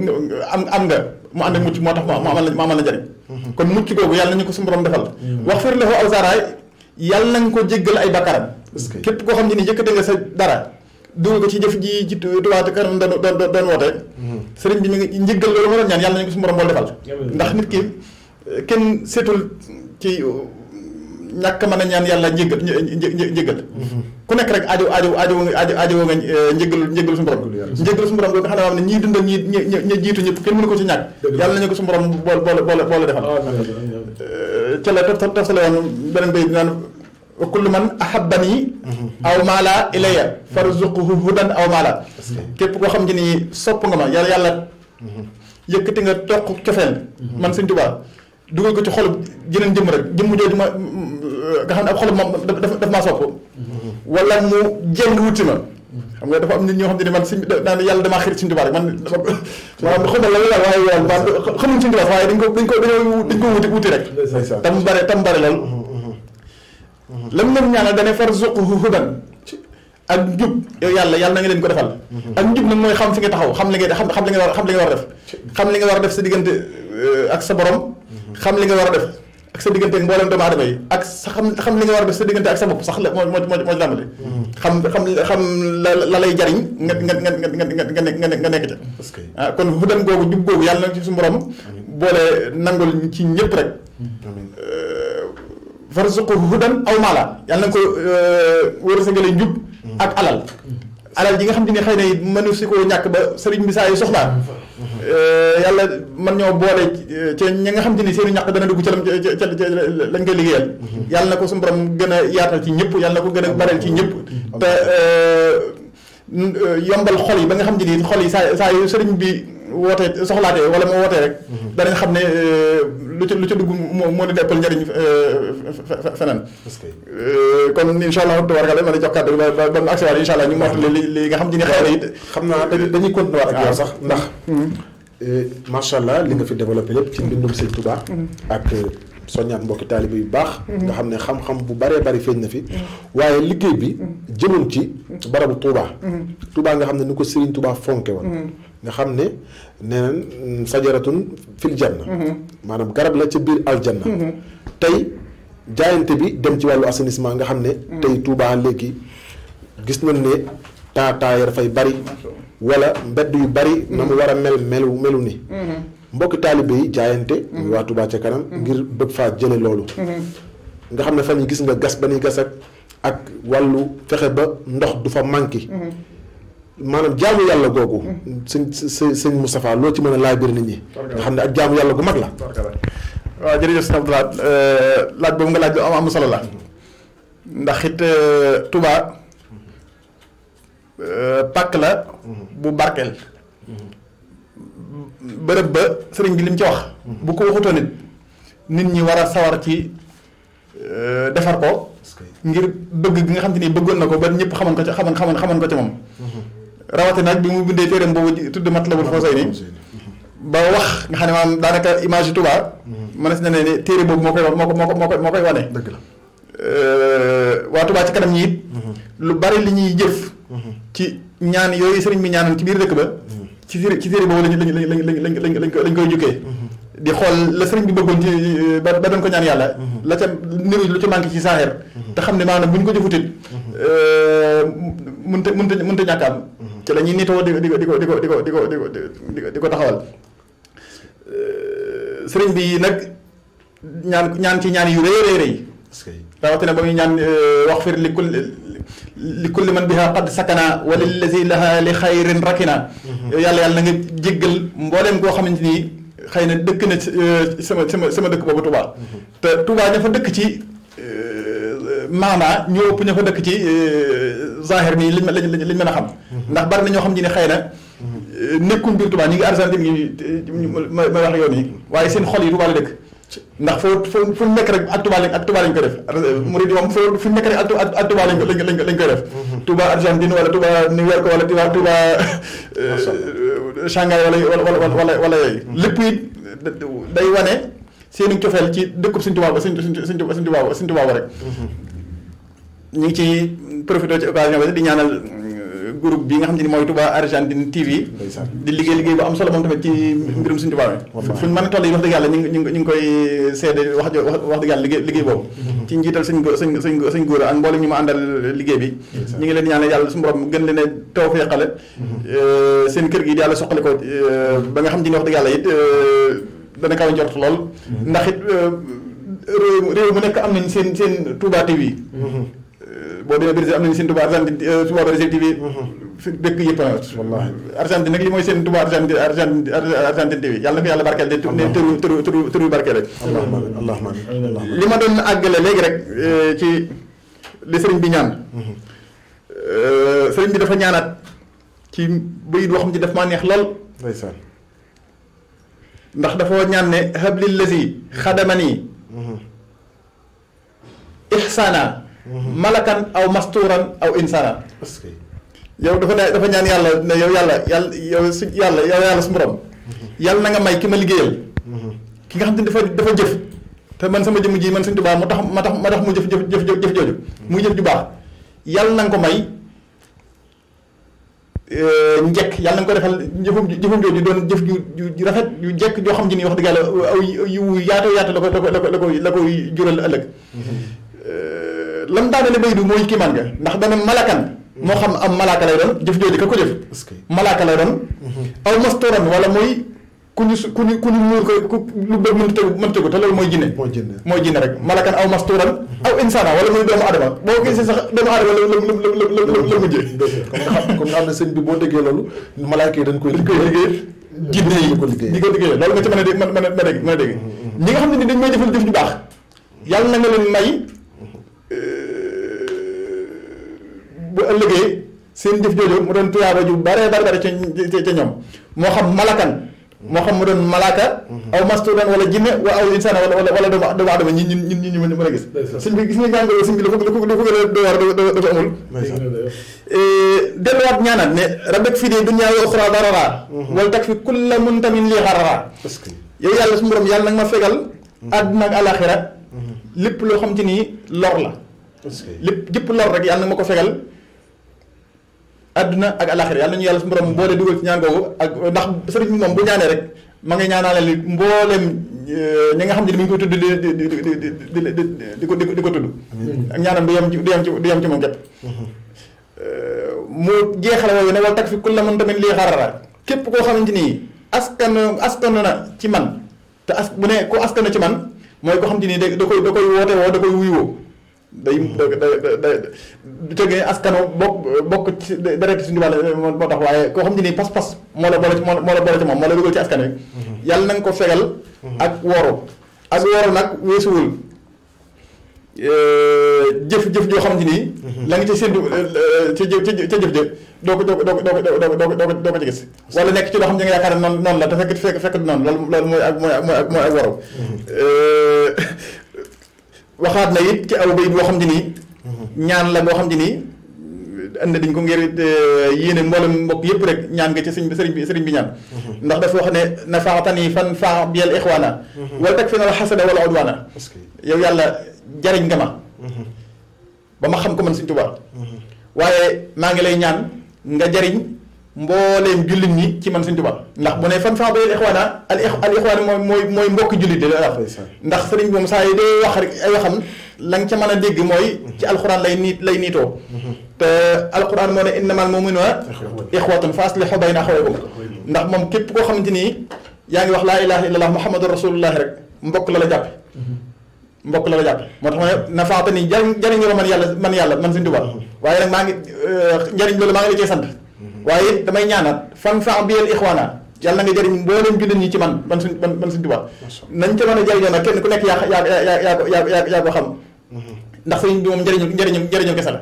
am nga mu ànd ak mucc moo tax mu amal mu amal la njariñ kon mucc googu yàlla nañu ko suñu borom defal mhm. wax fir lahu aw saraay yàlla nañ ko jéggal ay bakkaram képp koo xam ne ni yëkkate nga sa dara dugal ko ci jëf ji ci tubaab kanam doon doon doon woote mhm. sëriñ bi mi ngi njëggal loolu ma doon ñaan yàlla nañu ko suñu borom bool defal ndax nit ki kenn seetul ci ñàkk mën a ñaan yàlla njëgal njëgal ku nekk rek aajo aajo aajo aajo aajo nga eh, njëgal njëgal suñu borom njëgal xam ne am ne ñii dundal ñii jiitu ñëpp kenn mënu ko ci ñàkk yàlla nañu ko suñu borom boole boole boole boole defal eh, ca la taf taf la beneen bay naan wa kullu man ahabbani mhm. aw maala ilayya farzuqhu hudan aw maala képp koo xam ne ni sopp nga ma yàlla yàlla mhm. yëkkati nga toq cofeel mhm. man Sëñ Tuubaa dugal ko ci xol jeneen jëmm rek jëmm jooju ma nga xam ne ab xolam moom daf daf maa sopp wala mu jéng wuti ma xam nga dafa am nit ñoo xam ne man si naa ne yàlla damaa xir ci ndibaar man la la waaye yoon maanaam xamuñ ci ndibaar waaye dañ ko dañ ko dañ ko wuti wuti rek tam bare tam bare lool lam nam ñaanal dane far zuqhu hudan ak njub yow yàlla yàlla naa nga leen ko defal ak njub nag mooy xam fi nga taxaw xam li nga xam xam li nga war xam li nga war a def xam li nga war a def sa diggante euh, ak sa borom xam li nga war a def ak sa diggante ak mboolem doomu aadama yi ak sa xam xam li nga war a def sa diggante ak sa bopp sax la moo moo moo làmbale xam xam xam la la lay jariñ nga nga nga nga nga nga nga nga nekk ca ah kon bu dem googu jub googu yàlla na ci suñu borom boole nangul ci ñëpp rek farzuqu eh, hudan aw maala yàlla na ko eh, wërsëgale njub ak alal mm. alal ji nga xam te ne xëy na mënu si koo ñàkk ba sëriñ bi saa yu soxlaa mm. Euh, yàlla man ñoo boole ca ñi nga xam te ni seeni ñàq dana dugg ca lañ koy liggéeyal mhm. yàlla na ko suñu borom gën a yaatal ci ñëpp yàlla na ko gën a bareel ci ñëpp mhm. te euh, euh, yombal xol yi ba nga xam te ni xol yi saa saa yu sëriñ bi wootee soxlaatee wala moo wootee rek mhm. danañ xam ne euh, lu ca lu ca dugg moo di deppal njëriñ euh, feneen euh, kon insha allah war nga leen mën a jox kàddu ba ba mu agsi waat insha allah ñu mottali li li nga xam ne xew na it xam naa dañuy continuer ak yow sax ndax mm-hmm. macha allah li nga fi développé lépp ci mbindum sëñ Tuubaa mm-hmm. soññaat mbokki taalibe yu baax mhm. nga xam ne xam-xam bu baree bari feeñ na fi mhm. waaye liggéey bi mhm. jëmoon ci barabu Touba Touba nga xam ne ni ko Serigne Touba fonke woon nga xam ne neneen sajaratun mm, fil janna maanaam garab la ci biir aljanna tey jaayante bi dem ci wàllu assainissement nga xam ne tey Touba léegi gis nañ ne taataayar fay bari wala mbedd yu bari na mu war a mel melu melu ni mbokki taalibe yi jaayante. muy mhm. waa Touba ca kanam. Mhm. ngir bëgg faa jële loolu. Mhm. nga xam ne fan yi gis nga gas ba ñuy gas ak ak wàllu fexe ba ndox du fa manqué. maanaam jaamu yàlla googu. sëñ sëñ sëñ Moustapha loo ci mën a laaj biir nit ñi. nga xam ne ak jaamu yàlla gu mag la. waaw jërëjëf sëñ Abdoulaye euh, laaj boobu nga laaj am am solo la ndax it euh, Touba euh, pàkk la bu barkeel. bërëb ba sëriñ bi lim ci wax. bu ko waxutoon nit nit ñi war a sawar ci euh, defar ko. ngir bëgg gi nga xam ni bëggoon na ko ba ñëpp xamoon ko ca xamoon xamoon xamoon ko ca moom. rawatina nag bi mu bindee téereem boobu tudd Matlabul Fawzayni ba wax nga xam ne maanaam daanaka image yu Touba. mën a ne ne téere boobu moo koy moo ko moo ko moo koy wane. dëgg euh, waa Touba ci kanam ñi it. lu bari li ñuy jëf. ci ñaan yooyu sëriñ bi ñaanoon ci biir dëkk ba. ci diir ci diir boobu lañ lañ lañ lañ lañ lañ koy lañ koy jukkee. Mm-hmm. di xool la sëriñ bi bëggoon ci ba ba doon ko ñaan yàlla. Mm-hmm. la ca néew lu ci manqué ci saaxeer. Mm-hmm. te xam ne maanaam bu ñu ko jëfutit. mënut euh, a mënut a mënut a ñàkk am. ci la ñuy nitoo di ko di ko di ko di ko di ko di ko di ko taxawal. Euh, sëriñ bi nag ñaan ñaan ci ñaan yu rëy a rëy. rawatina ba muy ñaan euh, wax fir li kulli li kulli man biha qad sakana wala lillazi laha li xayrin rakina yàlla yàlla na nga jéggal mbooleem koo xamante ni xëy na dëkk na sama sama sama dëkk boobu Touba te Touba ña fa dëkk ci maanaa ñoo ëpp ña fa dëkk ci zahir nii liñ lañ lañ mën a xam ndax bari na ñoo xam ne xëy na nekkuñ biir Touba ñu ngi Argentine ñu ngi ma wax yoon yi waaye seen xol yi Touba la dëkk ndax foo foo fu nekk rek ak Touba lañ ak Touba lañ koy def murid moom foo fu nekk rek ak ak lañ koy def. Mhm. Touba Argentine wala Touba New York wala Touba Touba. Euh, Shanghai wala yooyu. Mhm. lépp it day wane seen i cofeel ci dëkkub Sëñ Touba ba Sëñ Sëñ Touba rek. Mhm. ñu ngi ci profité ci occasion bi di ñaanal. groupe bi nga xam ne mooy Touba Argentine TV di liggéey liggéey bu am solo tamit ci mbirum suñu Touba bi fu ñu mën toll yi wax dëgg yàlla ñu ngi ñu ngi koy seede wax wax dëgg yàlla liggéey liggéey boobu mm-hmm. ci njiital sëñ sëñ sëñ sëñ góor ak mboolem ñu ma àndal liggéey bi ñu ngi leen ñaanal yàlla suñu borom gën leen a tawfeexale mm-hmm. euh, seen kër gi yàlla soqali ko euh, ba nga xam ne wax dëgg yàlla it euh, dana kaw njort lool mm-hmm. ndax it réew mu nekk am nañ seen seen Touba boo demee Brésil am nañu seen Touba Argentine Touba Brésil TV. dëkk yëpp a. wallaahi Argentine nag li mooy seen Touba Argentine Argentine TV yàlla na ko yàlla barkeel de. ne turu turu turu turu barkeel rek. allahumma li ma doon àggale léegi rek euh, ci li sëriñ bi ñaan. Mhm. Euh, sëriñ bi dafa ñaanaat ci bayit boo xam ci daf maa neex lool. ndeysaan. ndax dafa ñaan ne hablil lazi xadamani. Mhm. ixsaana. malakan aw mastuuran aw insaanan yow dafa daa dafa ñaan yàlla ne yow yàlla yàlla yow su yàlla yow yàlla su borom yàlla na nga may ki ma liggéeyal ki nga xam ne dafa dafa jëf te man sama jëmm ji man Sëñ Tuubaa ma tax ma tax ma tax mu jëf jëf jëf jëf jooju muy jëf ju baax yàlla na ko may euh, njekk yàlla na nga ko defal jëfum jëfum jooju doon jëf ju rafet yu jekk joo xam ji ni wax dëgg yàlla aw yu yaatoo yaatoo la ko la ko la ko la ko jural ëllëg lam daanale bay du mooy kiimaan nga ndax dana malakan moo xam am malaaka lay doon jëf jooju ka ko jëf malaaka lay doon mhm. aw mastoran wala mooy ku ñu su ku ñu ku ñu muur ko lu te loolu mooy boo gisee sax doomu adama la ko liggéey di ko liggéey loolu nga ci mën a dégg mën a mën a dégg mhm, mhm. ñi nga xam ne ni dañ may jëfal jëf ju baax yàlla na nga leen may ëllëgee seen jëf jooju mu doon tuyaaba ju bare bare bare ca ca ñoom moo xam malakan moo xam mu doon malaaka mhm. aw masturan wala jinne wa aw insaan wala wala doomu doomu adama ñi ñun ñun ñu mën a gis sëñ bi gis nga jàngoro sëñ dafa dafa amul eh, delluwaat ñaanat ne rabek fii dee dunya wa uxra darara mhm. wala tak fi kulla muntamin lii xarara yow yàlla suñu borom yàlla nag ma fegal mhm. àdduna ak alaxira lépp loo xam ci nii lor la lépp jëpp lor re yàlla nag ma ko fegal àdduna ak alaxira yàlla nañu yàlla su borom mboole dugal ci ñaan googu ak ndax sëriñ bi moom bu ñaanee rek ma nga ñaanaale li mbooleem euh, ñi nga xam ne mi ngi koy tudd di di di di di ko di ko tudd. ak ñaanam du yem ci du yem ci moom képp. Mm-hmm. Euh, mu jeexal woowu ne wala takk fi ku la mën tamit lii xarara képp koo xamante ni askan askan na ci man te as bu ne ko askan na ci man mooy koo xam te ni da koy da koy woote woo da koy wuyu woo. day da da da da askano bokk bokk ci deret suñu wàll moo tax waaye koo xam ne nii pas-pas moo la boole moo la boole ci moom moo la dugal ci askan wi. Mm-hmm. yàlla na nga ko fegal. Mm-hmm. ak wooru. ak wooru nag weesuwul jëf-jëf joo xam ne nii. Mm-hmm. la nga ci séntu ca jë ca jëf-jëf doo ko doo ko doo ko doo ko doo ko ci gis. wala nekk ci loo xam ne nga yaakaar ne noonu noonu la te fekk fekk du noonu loolu loolu mooy ak mooy ak mooy ak wooru. waxaat na it ci aw bayit boo xam te nii mhm. ñaan la boo xam te nii andi dañ ko ngir eh, yéene mboolem mbokk yëpp rek ñaan nga ci sëriñ bi sëriñ bi sëriñ bi ñaan mhm. ndax dafa wax ne nafaatani fan faa biyal ixwaana mhm. wala tag fi na la xasada wala odwaana yow yàlla jariñ nga ma ba ma xam ko man sëriñ Tuubaa waaye maa ngi lay ñaan nga jariñ mbooleem jullit ñi ci man Sëriñ Tuubaa ndax bu ne fan faa bayil ixwaana al al ixwaan mooy mooy mooy mbokk jullit de la ndax sëriñ moom saa yi dee wax rek ay waxam la ca man a dégg mooy ci alxuraan lay niit lay niitoo te alxuraan moo ne innamal mu'minuuna ixwatun fa aslihu bayna axawaykum ndax moom képp koo xamante ni yaa ngi wax laa ilaaha illallaah muhammadu rasulullaah rek mbokk la la jàpp la la jàpp moo tax ma ne na faata ni jariñ jariñ la man yàlla man yàlla man Sëriñ Tuubaa mm-hmm. waaye nag maa ngi euh, njëriñ loolu maa la cee Mm-hmm. waaye it damay ñaanaat fan fa biyel ixwaana yàlla na nga jëriñ mboolem jullit ñi ci man man suñ man suñ tubaab nañ ca mën a kese la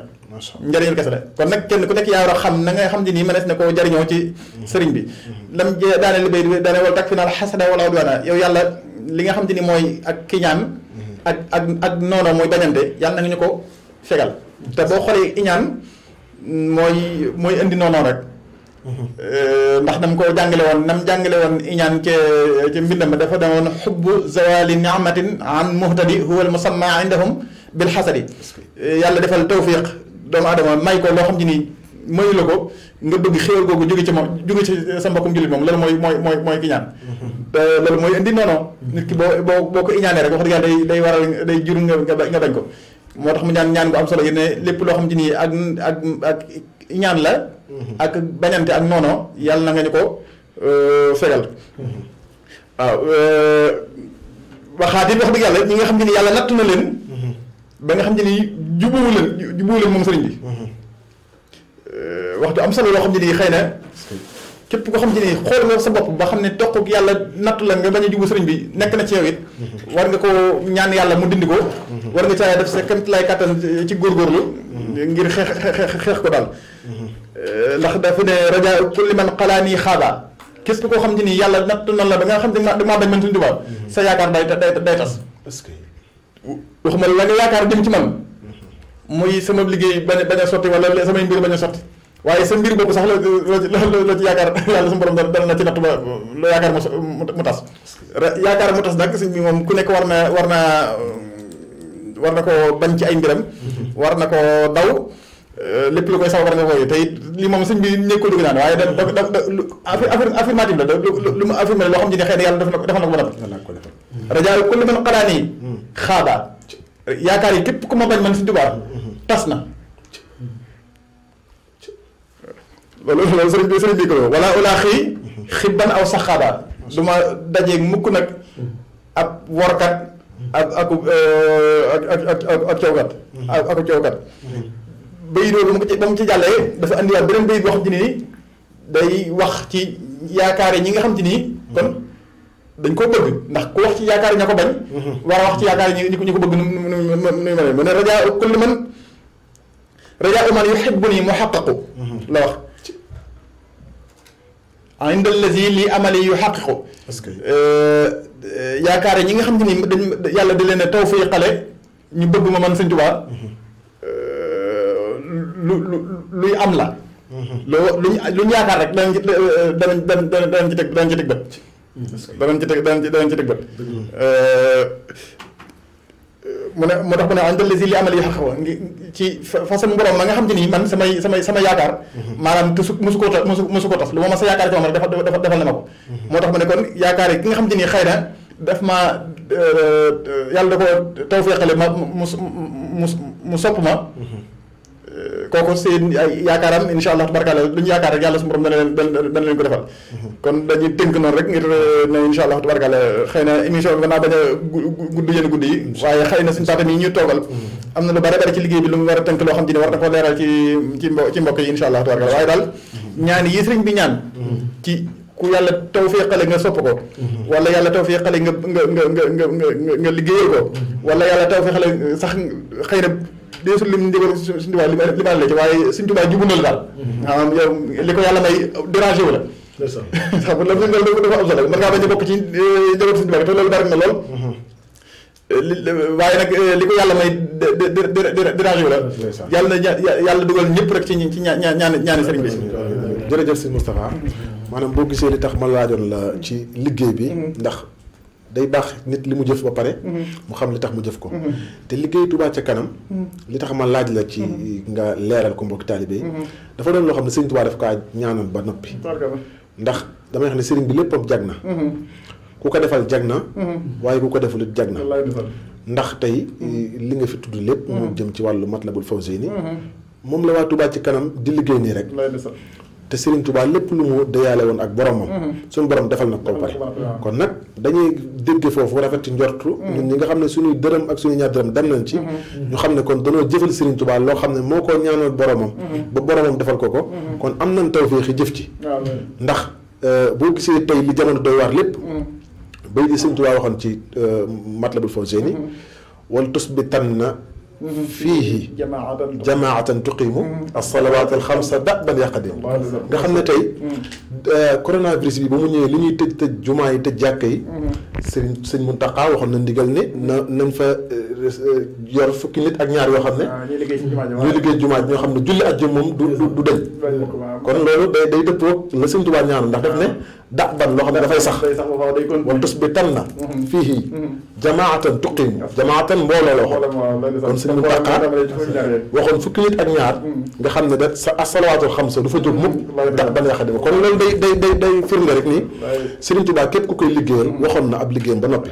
njëriñu kese la kon nag kenn ku nekk yaa war a xam na nga xam ne nii mënees na koo jëriñoo ci mm-hmm. sëriñ bi mm-hmm. lam daane li bay daane wala tak final xasada wala udwana yow yàlla li nga xam te ni mooy ak kiñaan ak ak ak noonoo mooy bañante yàlla na nga ñu ko fegal te boo xoolee iñaan mooy mooy indi noonu rek. Mhm. Euh, ndax dam ko jàngale woon nam jàngale woon iñaan ca ca mbindam dafa demoon xubbu zawali niamatin an muhtadi huwa al musamma indahum bil xasadi yàlla defal tawfiq doomu aadama may ko loo xam ci ni mayu la ko nga bëgg xéewal googu jóge ci moom jóge ci sa mbokkum jullit moom loolu mooy mooy mooy mooy iñaan te mhm. euh, loolu mooy indi noonu nit ki boo boo boo ko iñaanee rek wax dëgg yàlla day day waral day jur nga nga bañ ko moo tax mu ñaan ñaan gu am solo yi lépp loo xam ci nii ak ak ak ñaan la. Mm-hmm. ak bañante ak noono yàlla na nga ñu ko euh, fegal. Mm-hmm. waaw euh, waxaat yi wax dëgg yàlla ñi nga xam ne ni yàlla natt na leen. Mm-hmm. ba nga xam ne ni jubóowu leen jubóowu leen moom sëriñ bi. Euh, waxtu am solo loo xam ne nii xëy na. képp koo xam ci ne xool nga sa bopp ba xam ne toquk yàlla nattu la nga bañ a jubu sëriñ bi nekk na ci yow it mhm. war nga ko ñaan yàlla mu dindi ko mhm. war nga caa def sa kamt lay kàttan ci góorgóorlu mhm. ngir xeex xeex ko daal ndax dafa ne raja kulli man xalaanii xaaba képp koo xam ci ni yàlla nattu na la da nga xam ne damaa bañ man suñu tubaab sa yaakaar day day tas waxuma la nga yaakaar jëm ci man muy sama liggéey bañ a sotti wala samay mbir bañ a sotti waaye sa mbir boobu sax la la la ci yaakaar yàlla suñu borom dana na ci natt ba la yaakaar mu tas yaakaar mu tas moom ku nekk war na naa euh, war na koo bañ ci ay mbiram na koo daw euh, lépp lu koy saw war nga koy te it li moom bi nekk ko dugg naan waaye da da da lu affirmative la lu mu affirmé yàlla def na ko defal ko ba noppi rajaa kullu man xalaani hmm. yaakaar yi képp ku ma bañ man si dubaar hmm. tas na loolu loolu sëriñ bi sëriñ bi ko wala wala xii xibban aw saxaaba du ma dajeeg mukk nag ab workat eh, ak ak ak ak ak cawkat mm-hmm. ak ak cawkat mm-hmm. bayit loolu mu ko ci ba mu ci jàllee dafa andiwaat beneen bayit boo xam nii day wax ci yaakaar yi ñi nga xam ci nii mm-hmm. kon dañ koo bëgg ndax ku wax ci yaakaar yi ña ko bañ waa wax ci yaakaar yi ñu ñu ko bëgg nu mu nu mu ne rajaa kulli man rajaa man yuhibbu nii muhaqqaqu la wax inda allazi li amali yu xaqiqu yaakaare ñi nga xam ne ni dañ yàlla da leen a taw fay xale ñu bëgg ma man sëñ Tuubaa euh, lu lu luy am la mhm. loo luñ luñ yaakaar rek danañ ci euh, danañ danañ ci teg danañ ci teg bët danañ ci teg danañ ci teg bët mu ne moo tax mu ne antal lesi li amal yi xaq ngi ci façon borom ma nga xam te ni man samay samay sama yaakaar mhm. maanaam tusu mosu ko tas mosu mosu ko tas lu ma ma sa yaakaar ci moom rek defal defal na ma ko mhm. moo tax mu ne kon yaakaar yi ki nga xam te ni xëy na daf ma euh, euh, yàlla da ko tawfeexale ma mu mu sopp ma mhm. kooku seen ay yaakaaram insha allah tabarakalla lu ñu yaakaar rek yàlla su borom dana leen dana leen ko defal kon dañuy tënk noonu rek ngir euh, ne insha allah tabarakalla xëy na émission bi mën naa bañ a gudd waaye xëy na suñu taata mi ñuy mm-hmm. am na lu bare bare ci liggéey bi lu mu war a tënk loo xam te ne war na ko leeral ci ci mbo ci mbokk yi insha allah tabarakalla waaye daal mm-hmm. ñaan yi sëriñ bi ñaan mm-hmm. ci ku yàlla tawféexale nga sopp ko wala yàlla tawféexale nga nga nga nga nga nga liggéeyal ko wala yàlla tawféexale sax xëy na dee su lim ndigal suñu tubaab limal la ci waaye suñu tubaab jubu na la daal mm-hmm. maanaam yow li ko yàlla may dérangé wu la xam nga loolu dafa dafa am solo mën ngaa bañ a bokk ci eh, njaboot suñu tubaab te na lool mm-hmm. eh, waaye nag eh, li ko yàlla may dérangé wu la yàlla dugal ñëpp rek ci ci ñaan ñaan ñaani sëriñ bi jërëjëf si Moustapha mm-hmm. maanaam boo gisee li tax ma laajoon la ci liggéey bi ndax day baax nit li mu jëf ba pare. Mhm. mu xam li tax mu jëf ko. Mhm. te liggéey Touba ca kanam. Mhm. li tax ma laaj la ci nga leeral ko mbokki taalibe yi. dafa doon loo xam ne Serigne Touba daf kaa ñaanal ba noppi. ndax damay xam ne Serigne bi léppam jag na. ku ko defal jag na. waaye ku ko deful it jag na. ndax tey eh, li nga fi tudd lépp. mu jëm ci wàllu Matlabul Fawzeyni. moom la waa Touba ci kanam di liggéey nii rek. te Serigne tubaal lépp lu mu dayaale woon ak boromam. Mhm. suñu borom defal na ko pare. kon nag dañuy dégg foofu rafet ci njortu. Mhm. ñun ñi nga xam ne suñu dërëm ak suñu ñaar dërëm dem nañ ci. Mhm. ñu xam ne kon danoo jëfal Serigne Touba loo xam ne moo ko ñaanal boromam. ba boromam defal ko ko. kon am nañ tawféexi jëf ci. ndax euh, boo gisee tey li jamono doy waar lépp. bay di Serigne Touba waxoon ci euh, Matlabul Fawzeyni wala tos bi tànn na. fiihi jamaatan tuqimu alsalawat alxamsa daban yaqadim nga xam ne tey coronavirus bi ba mu ñëwee li ñuy tëj tëj jumaa yi tëj jàkka yi sëriñ sëñ Muntaxa waxoon na ndigal ne na nañ fa euh, euh, yor fukki nit ak ñaar yoo xam ne ah, ñuy liggéey jumaa ñoo xam ne julli ak jëm moom du du kon loolu day day dëppoo la sëñ Tuubaa ñaanu ndax def ne ah. daban loo xam ne dafay sax wa tus bi tan na mm-hmm. jamaatan tuqim jamaatan mbooloo la waxoon kon suñu Muntaxa waxoon fukki nit ak ñaar hmm. nga xam ne da sa asalawaatul xam sa du fa jóg mukk ndax ban yaxadima kon loolu day day day day firnde rek nii Serigne Touba képp ku koy liggéeyal hmm. waxoon na ab liggéey ah, ba noppi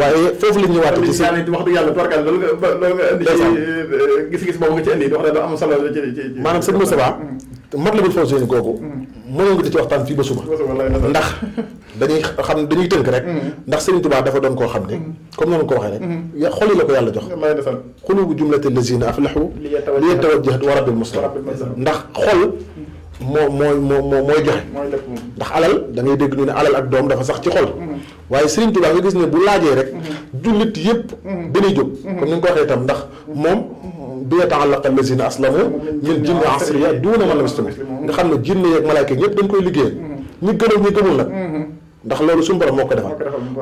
waaye foofu la ñu ñëwaat ci si wax dëgg yàlla torkal loolu nga loolu nga indi eh, gis-gis boobu nga ci indi wax dëgg am solo ci maanaam sëñ Matlabul Fawzayni googu. Hmm. mënoo ngi ci waxtaan fii ba suba. ndax dañuy xam dañuy tënk rek. Hmm. ndax Serigne Touba dafa doon koo xam ne. Hmm. comme noonu ko waxee rek. ya la ko yàlla jox. xulubu jumlatil lazina aflahu liyatawajjahat wa rabbil muslimin ndax xol. moo mooy moo moo mooy joxe. ndax alal da ngay dégg ñu ne alal ak doom dafa sax ci xol. waaye Serigne Touba nga gis ne bu laajee rek. jullit yëpp. dañuy jóg. comme ni nga ko waxee itam ndax moom. bi yata'allaqa allazina aslamu min jinni asriya duuna man lam yaslimu nga xam ne jinne yeeg malaayka ñëpp dañ koy liggéeyal ñi gënal ñi gëmul nag ndax loolu suñu borom moo ko defal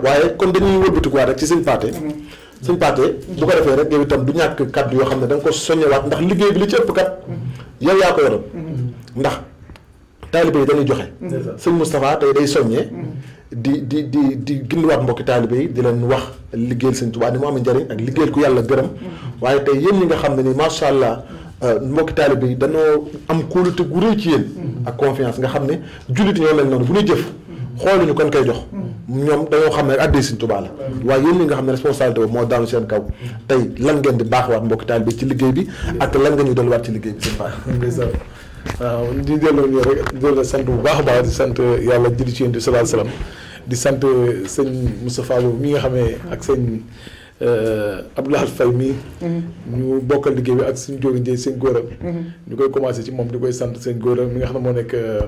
waaye kon dañuy wëlbatikuwaat rek ci sëñ Pathé sëñ Pathé bu ko defee rek yow itam du ñàkk kàddu yoo xam ne da nga ko soññewaat ndax liggéey bi li ci ëpp kat yow yaa ko yoroon ndax taalibe dañuy joxe sëñ Moustapha tey day soññee di di di di gindiwaat mbokki taalibe yi di leen wax liggéeyal sëñ Tuubaa ni mu amee njëriñ ak liggéeyal ku yàlla gërëm mm-hmm. waaye tey yéen ñi nga xam ne ni macha allah mm-hmm. euh, mbokki taalibe yi dañoo am kóolute gu ci yéen mm-hmm. ak confiance nga xam ne jullit ñoo mel noonu bu ñuy jëf xooluñu kon koy jox ñoom dañoo xam ne rek addee sëñ Tuubaa la waaye yéen ñi nga xam ne responsabilité boobu moo daanu seen kaw tey lan ngeen di baaxwaat mbokki taalibe yi ci liggéey bi ak lan nga ñu dolliwaat ci liggéey waaw di delloo nii rek di delloo sant bu baax a baax di sant yàlla jëli ci yéen di salaatu salaam sant sëñ Moustapha Lo mi nga xamee ak sëñ euh, Abdoulaye Faye mii. Mm-hmm. ñu bokkal liggéey bi ak suñ jóori njëy sëñ góoram. Mm-hmm. ñu koy commencé ci moom di koy sant seen góoram mi nga xam ne moo nekk euh,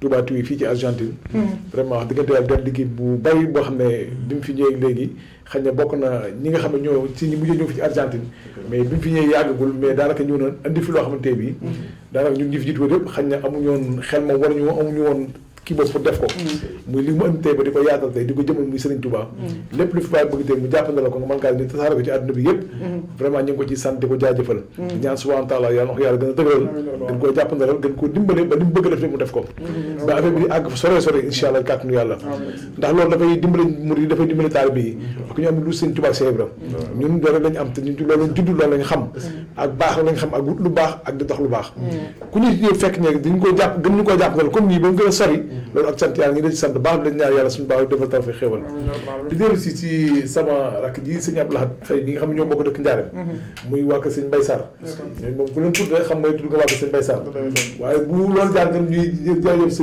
Touba Tuy fii ci Argentine. Mm-hmm. vraiment wax diggante yàlla def liggéey bu bari boo xam ne bi mu fi ñëwee léegi. xañ na bokk na ñi nga xam ne ñoo ci ñu mujjee ñëw fi ci Argentine mais bi mu fi ñëwee yàggagul mais daanaka ñëw na indi fi loo xamante bi mm-hmm. daanaka ñun ñi fi jiitu woon yëpp xëy na amuñu woon xel moom waruñu amuñu woon kii boobu pour def ko mm. muy li mu indi tey ba di ko yaatal tey di ko jëmal muy Serigne Touba mm. lépp lu fi bàyyi bëgg tey mu jàppale mm. a ba li mu bëgg def rek ndax loolu dafay dimbale mur yi dafay dimbale taalibe yi parce ñu am lu Serigne Touba Cheikh Ibra ñun loolu lañ am te loolu lañ judd loolu lañ xam ak baax lañ xam ak lu baax ak di dox lu baax ku ñu fekk ne dañ ko jàpp gën ñu ko jàppandal comme nii ba mu gën a sori loolu ak sant yàlla ngi leen ci sant baax lañ ñaan yàlla suñu baax defal taw fi xéewal di dellu si ci sama rakk ji sëñ Abdou Lahad Faye bi nga xam ne ñoo bokk dëkk Njaareem mm-hmm. muy waa kër sëñ Mbaye Sarr moom ku leen tudd rek xam nga tudd nga waa kër sëñ Mbaye Sarr waaye bu loolu jaar wax bu baax wax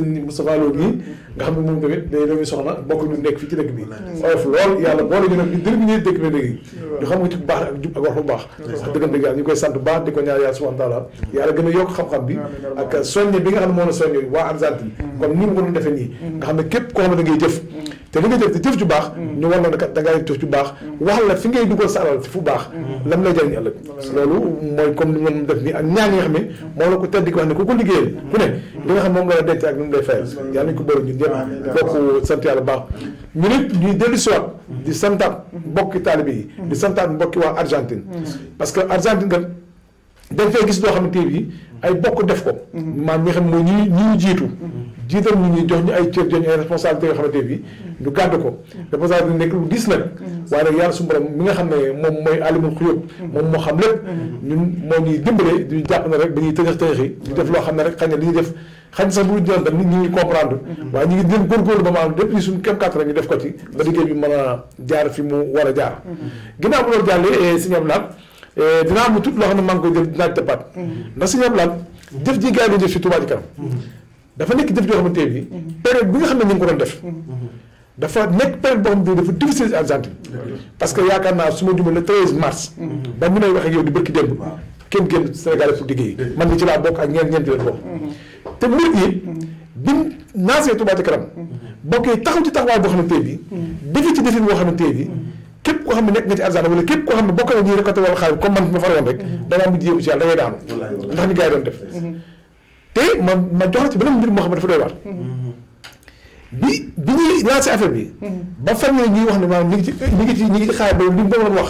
mm-hmm. gën a yokk xam-xam bi ak soññe bi nga xam ne moo la soññe waa Argentine comme mm-hmm. ko doon defee nii mm-hmm. nga xam ne képp koo xam ne da ngay jëf mm-hmm. te li nga jëf di jëf ju baax mm-hmm. ñu war na kat da ngay jëf ju baax wax la fi ngay dugal sa alal ci fu baax lam lay jëriñ ëllëg loolu mooy comme ni nii ak ñaan xam ne moom la denc ak nu mu lay fayal yàlla nañu ko bëri ñun ñëpp bokk sant baax ñu nit dellu siwaat di santaat mbokki taalibe yi di santaat mbokki waa Argentine parce Argentine kat dañ fay gis doo xam ne ay bokk def ko. maam mi xam mooy ñi ñu jiitu. jiital ñu ñuy jox ñu ay cër jox ñu ay responsabilité yoo xamante bi ñu gàdd ko responsabilité nekk lu gis nag waaye nag yàlla suñu borom mi nga xam ne moom mooy alimul xuyub moom moo xam lépp ñun moo ñuy dimbale duñu jàpp ne rek dañuy tëjax tëjaxi ñu def loo xam ne rek xañ ne ñuy def xañ sax bu jël nit ñi ngi comprendre waaye ñu ngi dén góorgóorlu ba maanaam depuis suñu kéem kàttan ñu def ko ci ba liggéey bi mën a jaar fi mu war a jaar ginnaaw bu loolu jàllee eh, signal Eh, dinaa am tuuti loo xam ne maa ngi koy jël dinaa tëbbaat mm-hmm. ndax suñu laal jëf ji gars yi di jëf si Touba Ca dafa nekk jëf joo xamante bi mm-hmm. période bi nga xam ne ñu ngi ko doon def mm-hmm. dafa nekk période boo xam ne dafa difficile parce que yaakaar naa su ma jumee le 13 mars ba mu nay wax ak man ni ci laa bokk ak ñeen ñeen di leen bokk te mbir yi bi naasee Touba Ca Kanam bokkee taxaw ci taxawaay boo xamante bi defi ci defin boo xamante bi képp koo xam ne nekk nga ci arzana wala képp koo xam ne bokk na ñuy récolté wala xaalis comme man ma faroon rek mhm. da nga am bu jéem si yàlla da ngay daanu ndax ñu gars yi def mhm. te ma ma jox ci beneen mbir moo xam ne dafa doy waar mhm. bi bi ñuy lancé affaire bi ba fan ñuy wax ne maanaam ñu ngi ci ngi ci ñu ngi ba li mu doon wax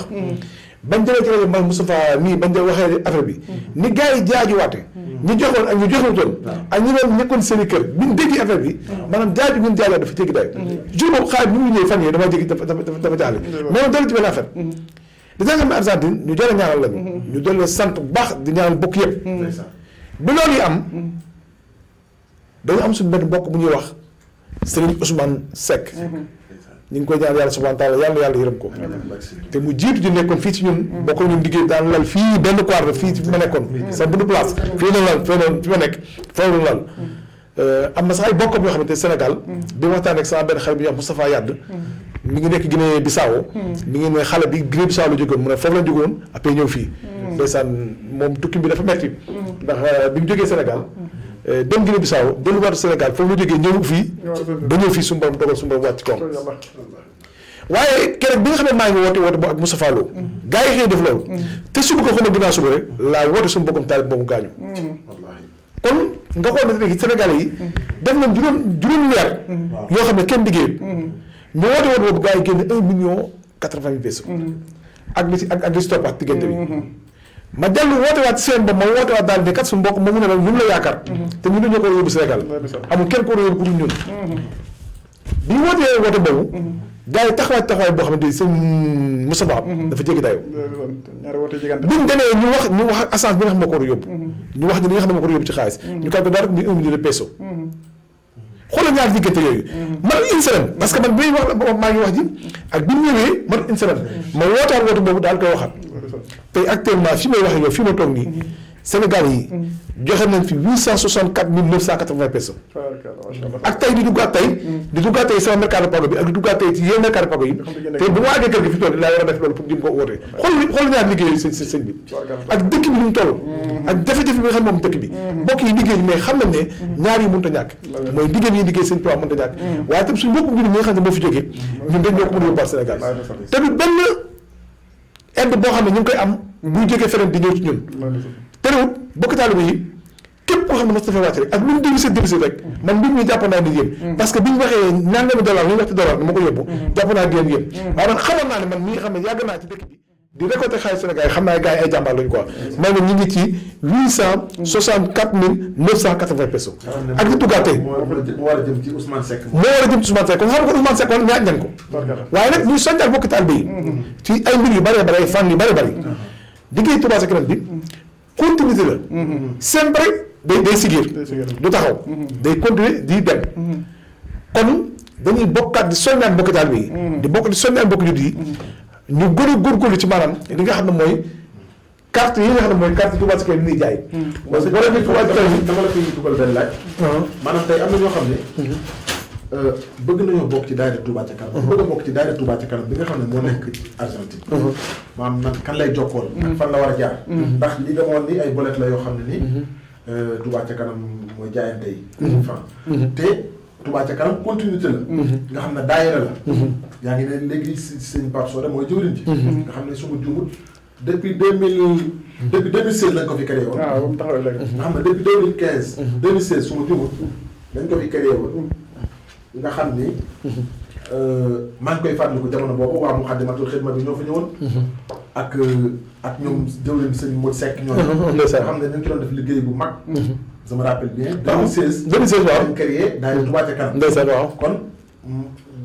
bañ jëlee ci rajo man Moustapha mii bañ waxee affaire bi ni gars yi jaajuwaate ñu joxoon ak ñu joxewutoon ak ñu doon nekkoon seen i kër bi ñu déggee affaire bi maanaam jaaju bi dafa jéggi dayo jour boobu xaalis bi mu ñëwee fan yii dafa jéggi dafa dafa jaale maanaam mm-hmm. dara ci benn affaire dèjà nga am Argentine ñu jëlee mm-hmm. sant bu baax di ñaanal bokk yëpp mm-hmm. bi loolu yi am dañu am suñu benn bokk bu ñuy wax Serigne Ousmane sek ñu ngi koy ñaan yàlla subhanahu yàlla yàlla yërëm ko te mu jiitu ji nekkoon fii ci ñun bokk ñun liggéey daan lal fii benn quart fii fi ma nekkoon sa budu place fii la lal fii fi lal mm. am na sax ay bokkam yoo xamante Sénégal bi mm. waxtaan ak sama benn xarit bi ñu wax Moustapha Yadd mm. mi ngi nekk Guinée Bissau mi ngi ne xale bi Guinée Bissau la jógoon mu ne foofu la jógoon après ñëw fii ndeysaan moom tukki bi dafa metti ndax euh, bi mu jógee Sénégal Euh, dem Guinée Bissau delluwaatu Sénégal foofu la jógee ñëw fii ba ñëw fii sumbaam dogal sumbaam wàcc koom waaye keroog ne maa ngi woote woote bu ak Moussa Fallou gars yi xëy def loolu te suba ko xuma ginnaaw suba rek laa woote suñu bokkam taalib boobu gaañu kon nga xool ne Sénégalais yi def nañ juróom juróom weer yoo xam ne kenn liggéeyul ñu woote woote boobu gars yi génn un million quatre-vingt mille pesos mm-hmm. ak li si ak ak diggante bi mm-hmm. ma dellu woote waat seen ba ma woote waat daal ne kat su mbokk moomu ne la ñun la yaakaar. Mhm. te ñun dañoo ko yóbbu Sénégal. amul kenn ku yóbbu ku ñun. Mhm. bi woote mhm. boo xamante ni seen Moussa Ba. dafa jéggi dayoo. ñaari woote jigante bi ñu demee ñu wax ñu wax ak assurance bi nga xam ne moo ko war a yóbbu. ñu wax ne li nga xam ko a daal koy waxaat tey actuellement fi may wax yow fi ma toog nii. Sénégal yi. joxe nañ fi huit cent soixante quatre mille neuf cent quatre vingt personnes. ak tey di duggaat tey. di duggaat tey sama mercado pago bi ak di duggaat tey ci yenn mercado pago yi. te bu ma àggee kër gi fi toll dinaa war a def loolu pour jëm ko woote. xool xool bi. ak mu toll. Mm-hmm. ak jafe-jafe bi nga xam moom mm-hmm. yi liggéey mais xam nañ ne mm-hmm. waaye itam suñu mbokku mbir mi xam ne moo fi jógee. ñun dañ ñoo ko mën a yóbbaat Sénégal tamit benn aide boo xam ne ñu ngi koy am buy jógee feneen di ñëw ci ñun terewut bokk taalibe yi képp koo xam ne mas dafa wàcc rek ak lu mu débisé débisé rek mm. man mbir mi jàpp naa ni yéen mm. parce que bi ñu waxee nangami dollar li ñu wax ci dollar dama ko yóbbu mm. jàpp naa ni yéen yéen waaye man xamoon naa ne man mi nga xam ne yàgg naa ci dëkk bi di récolter xaalis Sénégal yi xam naa gars yi ay jàmbaar lañu quoi maanaam ñu ngi ci huit cent soixante quatre mille neuf cent quatre vingt pesos. ak li tuggaatee. moo war a jëm ci Ousmane Seck. moo nga Ousmane Seck woon ñaaj nañ ko. waaye nag ñuy soññal bokk taalibe yi. ci ay mbir yu bëree bëri ay fànn yu bëree bëri. liggéey Touba ca kanam bi continuité la. sempre day day sigir. taxaw day continuer di dem. kon dañuy bokkaat di soññal bokk taalibe yi. di bokk di soññal bokk judd yi. ñu gën a góorgóorlu ci maanaam li nga xam ne mooy carte yi nga xam ne mooy carte Touba Ca Kanam yi ñuy jaay. Hmm. parce que boo demee Touba Ca Kanam hmm. na ñoo xam hmm. euh, bëgg nañoo bokk ci daayira Touba Ca Kanam. bëgg a ci daayira Touba Ca bi nga xam ne moo nekk Argentine. maanaam nag kan lay jokkool. ak fan la war a jaar. ndax li demoon ni ay bolet la yoo xam ne nii. Euh, Touba Ca Kanam mooy jaayante yi. te. Touba ca kanam continuité la. Mhm. nga xam ne daayira la. Mhm. yaa ngi ne léegi si sëñ Pape Soda mooy jëwriñ ji. Mhm. nga xam ne su ma juumut depuis deux mille. depuis deux mille seize lañ ko fi créé woon. waaw ah, moom taxawal la nga xam ne depuis deux mille quinze. nga xam ni. Euh, maa ngi koy fàttaliku jamono boobu waa Muxaddamatul Xidma bi ñoo fa ñëwoon. ak euh, ak ñoom jëwriñ sëñ Modou Seck ñooñu. nga xam ne ñu ngi doon def liggéey bu mag. je me rappelle bien. 2016 ah, 2016 waaw dañ créé waaw kon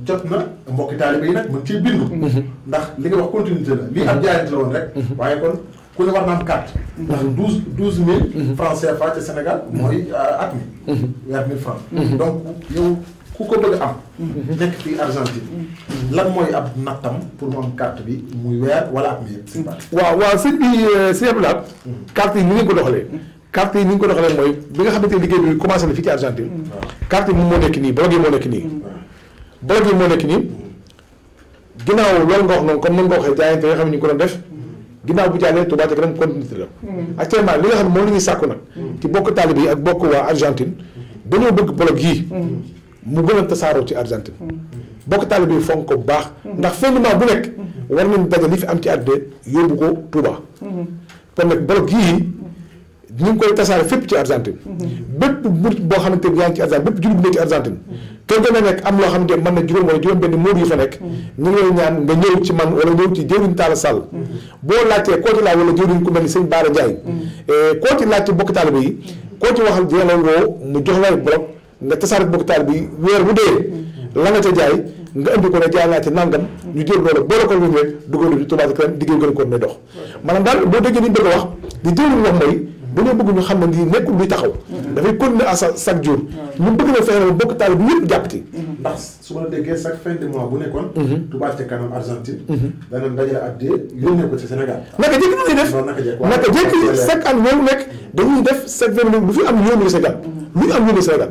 jot na mbokki taalibe yi nag mën cee bindu. Mhm. ndax li nga wax continuité la lii ab jaayante la woon rek. Mhm. waaye kon ku ne war na am carte. Mhm. ndax douze douze mille. francs CFA ca Sénégal mooy euh, at mi. weer mille francs. donc yow ku ko bëgg am. nekk fii Argentine. lan mooy ab nattam pour mu am carte bi muy weer wala at mi yëpp. waaw waaw sëñ bi euh, sëñ Abdoulaye. carte yi ni ngeen ko doxalee. carte yi ni ñu ko doxalee mooy bi nga xamante liggéey bi commencé na fii ci Argentine carte yi moom moo nekk nii blog yi moo nekk nii mm. blog yi moo nekk nii ginnaaw loolu nga wax noonu comme noonu nga waxee jaayante nga xam ne ñu ngi ko doon def ginnaaw bu jàllee Touba ca kanam continuité la mm. actuellement li nga xam ne moom la ñuy sàkku nag mm. ci bokk taalibe yi ak bokk waa Argentine dañoo bëgg blog yii mu gën a tasaaroo ci Argentine bokk taalibe yi fonk ko bu baax ndax fondement bu nekk war nañ daje li fi am ci àddina yóbbu ko Touba kon nag blog ñu ngi koy tasaare fépp ci Argentine. bépp murit boo xamante ni yaa ngi ci Argentine bépp jullit bu nekk a nekk am loo xamante ni mën na juróom wala juróom benn muur yu fa nekk. ñu ngi lay ñaan nga ñëw ci man wala ñëw ci jëwriñ Talla Sall. boo laajtee koo ci laaj wala jëwriñ ku mel ni sëñ Baara Ndiaye. Eh, koo ci laaj ci bokk yi. mu jox la nga tasaare bokk taalibe yi bu dee. la nga ca jaay. jël loolu boole ko lu ñu rek dugal ci Touba Ca Kanam diggéey gën ko ne dox maanaam daal bëgg a wax di jël wax mooy bu dee bëgg ñu xam ne nii nekkul luy taxaw. dafay continuer à chaque jour. ñu bëgg na fexe bokk taal bi ñëpp jàppati. Mhm. ndax su ma la déggee chaque fin de mois bu nekkoon. Mhm. Touba ca kanam Argentine. Mhm. danañ dajale at de yónnee ko ci Sénégal. naka jëkk ñuy def naka jëkk chaque année ñoom nekk dañuy def chaque vingt minutes bu fi am yónnee Sénégal lu ñu am yónnee Sénégal.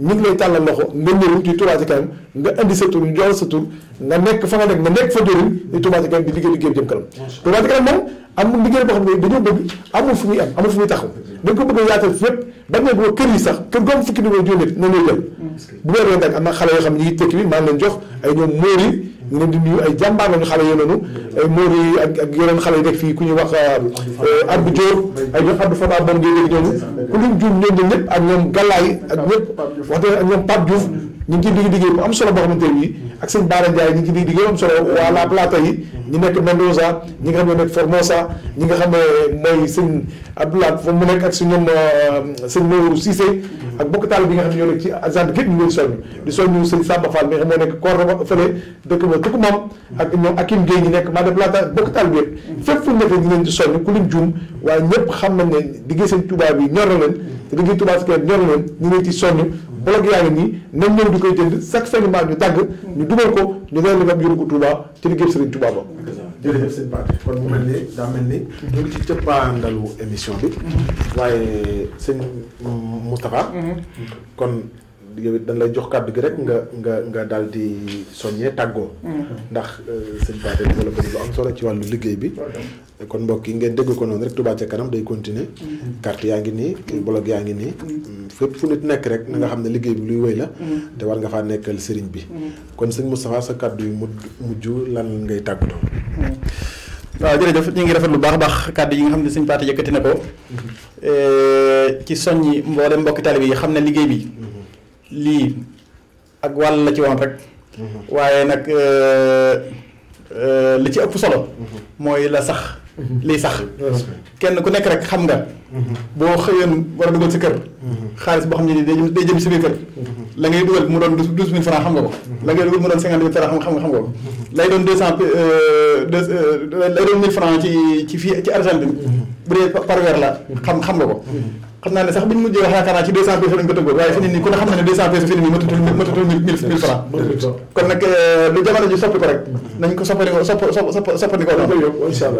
ñu ngi lay tàllal loxo nga ñëw di Touba ca kanam nga indi sa tur ñu jox sa tur nga nekk fa nga nekk fa jëriñ di Touba ca di liggéey liggéey jëm kanam Touba ca moom am liggéey boo xam ne dañoo bëgg amul fu muy am amul fu muy taxaw dañ ko bëgg a yaatal fépp bañ kër yi sax kër goom fukki ni ko jónét na ñuy jël bu weer woon nag am na xale yoo xam ne ñi tekki bi maa ngi leen jox ay ñoom móor yi xale yooyu noonu ay móor yi ak ak yeneen xale yi nekk fii ku ñuy wax euh, Abdou Diop ay ñoom Abdou Fata moom ngay dégg ak ñoom Galaay ak ñëpp wax dëgg ñu ngi ciy digg liggéey bu am solo boo xamante ne bii ak sëñ Baara ñu ngi liggéey bu solo waa La Plata yi ñu nekk Mendoza ñi nga xam ne nekk Formosa ñi nga xam ne mooy sëñ Abdoulaye fa mu nekk ak suñu ñoom euh, sëñ Nourou Cissé ak bi nga xam ne ñoo ci agent gépp ñu leen soññ di soññu sëñ Samba Fall mi nga xam moo nekk Cordoba fële dëkk ba Tukumam ak ñoom Akim Gueye ñi nekk Mada Plata bokk taal bi yëpp fu nekk ñu leen ci soññ ku lim juum waaye ñëpp xam nañ ne liggéey sëñ tubaab yi ñor na leen te liggéey Touba ça Kër ñor leen ñu ngi ci sonn blog yaa ngi nii ñëw di koy jënd chaque semaine ñu dagg ñu dugal ko ñu leen leen am yóbbu ko Touba ci liggéey Serigne Touba ba jërëjëf sëñ Pathé kon mu mel ni daa mel ni ñu ngi ci cëppaandalu émission bi waaye seen Moustapha kon yow dañ lay jox kàddu gi rek nga nga nga daal di soññee tàggoo mm. ndax euh, sëñ Pathé dama la ko lu am solo ci wàllu liggéey bi kon mbokk yi ngeen dégg ko noonu rek Touba ca kanam day continuer mm-hmm. carte yaa ngi nii mm-hmm. blog yaa ngi nii mm-hmm. fépp fu nit nekk rek na nga xam ne liggéey bi luy wéy la te war nga faa nekkal sëriñ bi kon sëñ Moustapha sa kàddu yu mujj lan ngay tàggatoo waaw jërëjëf ñu ngi rafet lu baax baax kàddu yi nga xam ne sëñ Paate yëkkati na ko eh, ci soññi mboolem mbokki taalibe yi xam ne liggéey bi lii ak wàll la ci woon rek waaye nag eh, eh, li ci ëpp solo mooy la sax lii sax kenn ku nekk rek xam nga boo xëyoon war a dugal sa kër xaalis boo xam ne nii day jëm si biir kër la ngay dugal mu doon douze mille francs xam nga ko la ngay dugal mu doon cinquante mille francs xam nga xam nga ko lay doon deux cent euh, euh, lay doon mille francs ci ci fii ci Argentine bu dee par weer la xam xam nga ko xam naa ne sax bu ñu mujjee wax yaakaar naa ci 200 pesos lañ ko tëggoon waaye fi ne nii ku ne xam ne 200 pesos fi ji soppi ko rek nañ ko soppandi ko sopp sopp soppandi ko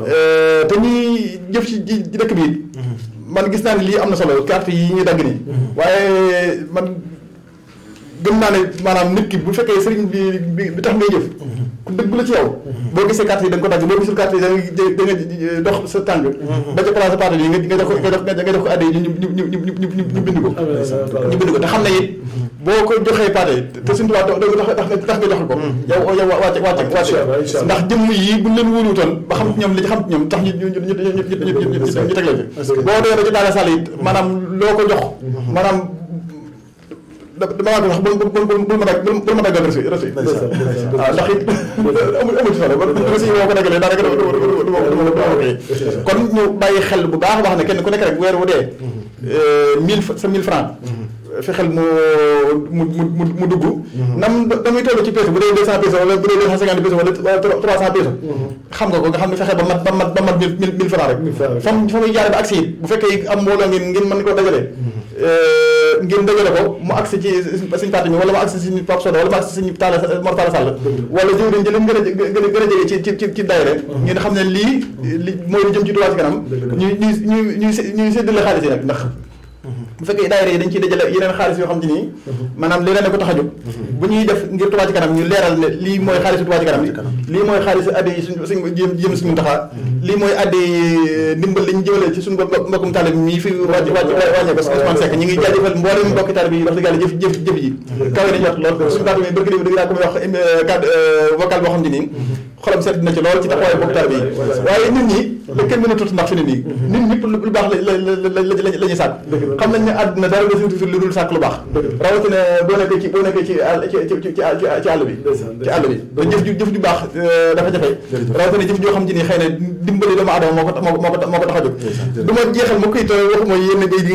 euh, te ñuy jëf ci dëkk bi mhm. man gis naa ne lii am na solo carte yi ñuy dagg nii mhm. waaye man gëm naa ne maanaam nit ki bu fekkee sëriñ bi bi tax ngay jëf mhm. dëgg la ci yow. boo gisee carte yi da nga ko dagg boo gisul carte yi dox sa tàng. ba ca place parti nga jox ko nga ñu ñu ñu ñu ñu bind ko. te xam ne it boo ko joxee parti yi te suñu tubaab tax tax nga jox ko. yow yow wàcce wàcce ndax jëmm yi buñ leen wóoluwutoon ba xam ñoom li xam ñoom tax ñu ñu ñu ñu ñu ñu ñu ñu teg la ci. boo demee ba ci daara sàll yi loo ko jox maanaam dama laa wax bul bul bul ma dagg bul ma daggal reçu reçu waaw ndax it amul amul ci fan reçu yi boo ko daggalee daanaka dama dama dama kon ñu bàyyi xel bu baax wax ne kenn ku nekk rek weer wu dee mille sa mille francs fexeel mu mu mu mu dugg. nam damuy toll ci peso bu dee deux cent peso wala bu dee deux cent cinquante peso wala trois cent peso. xam nga ko nga xam ne fexe ba mat ba mat ba mat mille mille francs rek. fa fa muy jaaree ba agsi bu fekkee am mbooloo ngeen ngeen mën koo dajale. ngeen dëgëral ko mu agsi ci suñu parti mi wala mu agsi suñu Pape Soda wala mu agsi suñu Talla Mor Talla Sall wala jëwriñ ji leen gën a gën a jege ci ci ci daayira ngeen xam ne lii li mooy lu jëm ci Touba ci kanam ñuy ñuy ñuy ñuy séddale xaalis yi nag ndax bu fekkee daayira yi dañ ciy dajale yeneen xaalis yoo xam te nii mhm. maanaam leneen ko tax a jóg mhm. bu ñuy def ngir Touba kanam ñu leeral ne lii mooy mhm. xaalisu Touba ci kanam lii mooy xaalisu adde yi suñu li ñu jëmale ci suñu mbokkum taalib mii fi wàcc wàcc wàññee ko Ousmane Seck ñu ngi jaajëfal mboolem mbokki taalib yi wax dëgg yàlla suñu baatu mi bëgg dëgg daa ko muy wax cadre eh, eh, eh, vocal boo xam te nii xolam seet na ci lool bokk taalibe yi waaye nit ñi mhm. la kenn mën a tuuti ndax fi ne nii mhm. nit baax la la la baax rawatina boo nekkee ci ci ci bi ci ju baax euh, dafa jafe rawatina jëf joo xam ci dimbali doomu aadama moo ko moo du ma jeexal ma koy te waxuma yenn bay yi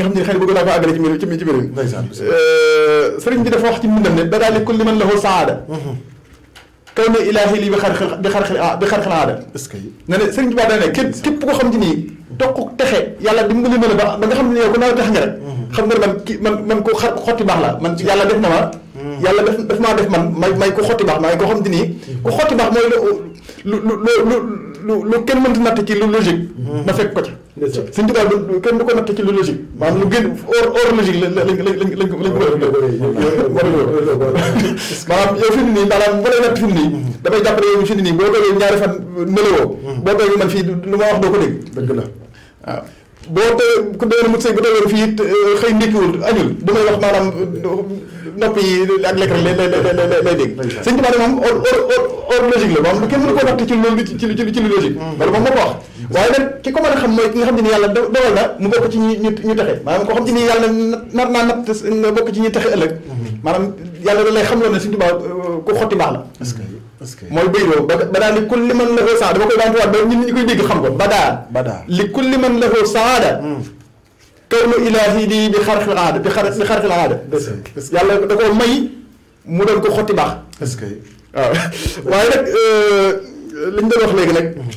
nga wax ci mbindam ne li kulli man lahu saada mhm. kaw ne ilaahi lii bi ah, xar aada. est-ce que ne ne Serigne Touba dana xam ne nii texe yàlla dimbali na la ba ba nga xam ne ko mm-hmm. xotti baax la man ko mm-hmm. xotti baax may ko xotti baax mooy lu lu lu lu kenn mënta natt ci lu logique. na fekk ko ca. suñ tubaab du kenn du ko natt ci lu logique. maanaam lu gën hors hors logique lañ lañ lañ lañ lañ yow fi nii maanaam bu lay natt fi nii. damay jàpp yow fi mu nii boo toogee ñaari fan nelawoo. boo toogee man fii lu ma wax doo ko dëgg la boo tee ku dee mu sëy bu tawee fii it eh, xëy ndékkiwul añul damay wax maanaam nopp ak lekk lay lay lay lay dégg. moom or or or logique la boo xam ne kenn mënu ko natt ci loolu ci lu logique. wala mm. moom moo ko wax. waaye nag ki ko mën a xam mooy ki nga xam ne yàlla dogal na mu bokk ci ñu texe maanaam koo xam ne yàlla nar naa natt bokk ci ñi texe ëllëg. Mm-hmm. maanaam yàlla da xam loolu ne sëñ Tuubaa eh, ku xotti baax la. mooy baydoo ba badaa li kulli man lahu saada dama ba ko badaa badaa li kulli man lahu saada hmm. kawnu ilaahi di bi xarxil aada bi xarxil aada yàlla da may mu doon ko xotti baax que waaw waaye nag euh, li ñu doon wax léegi nag hmm.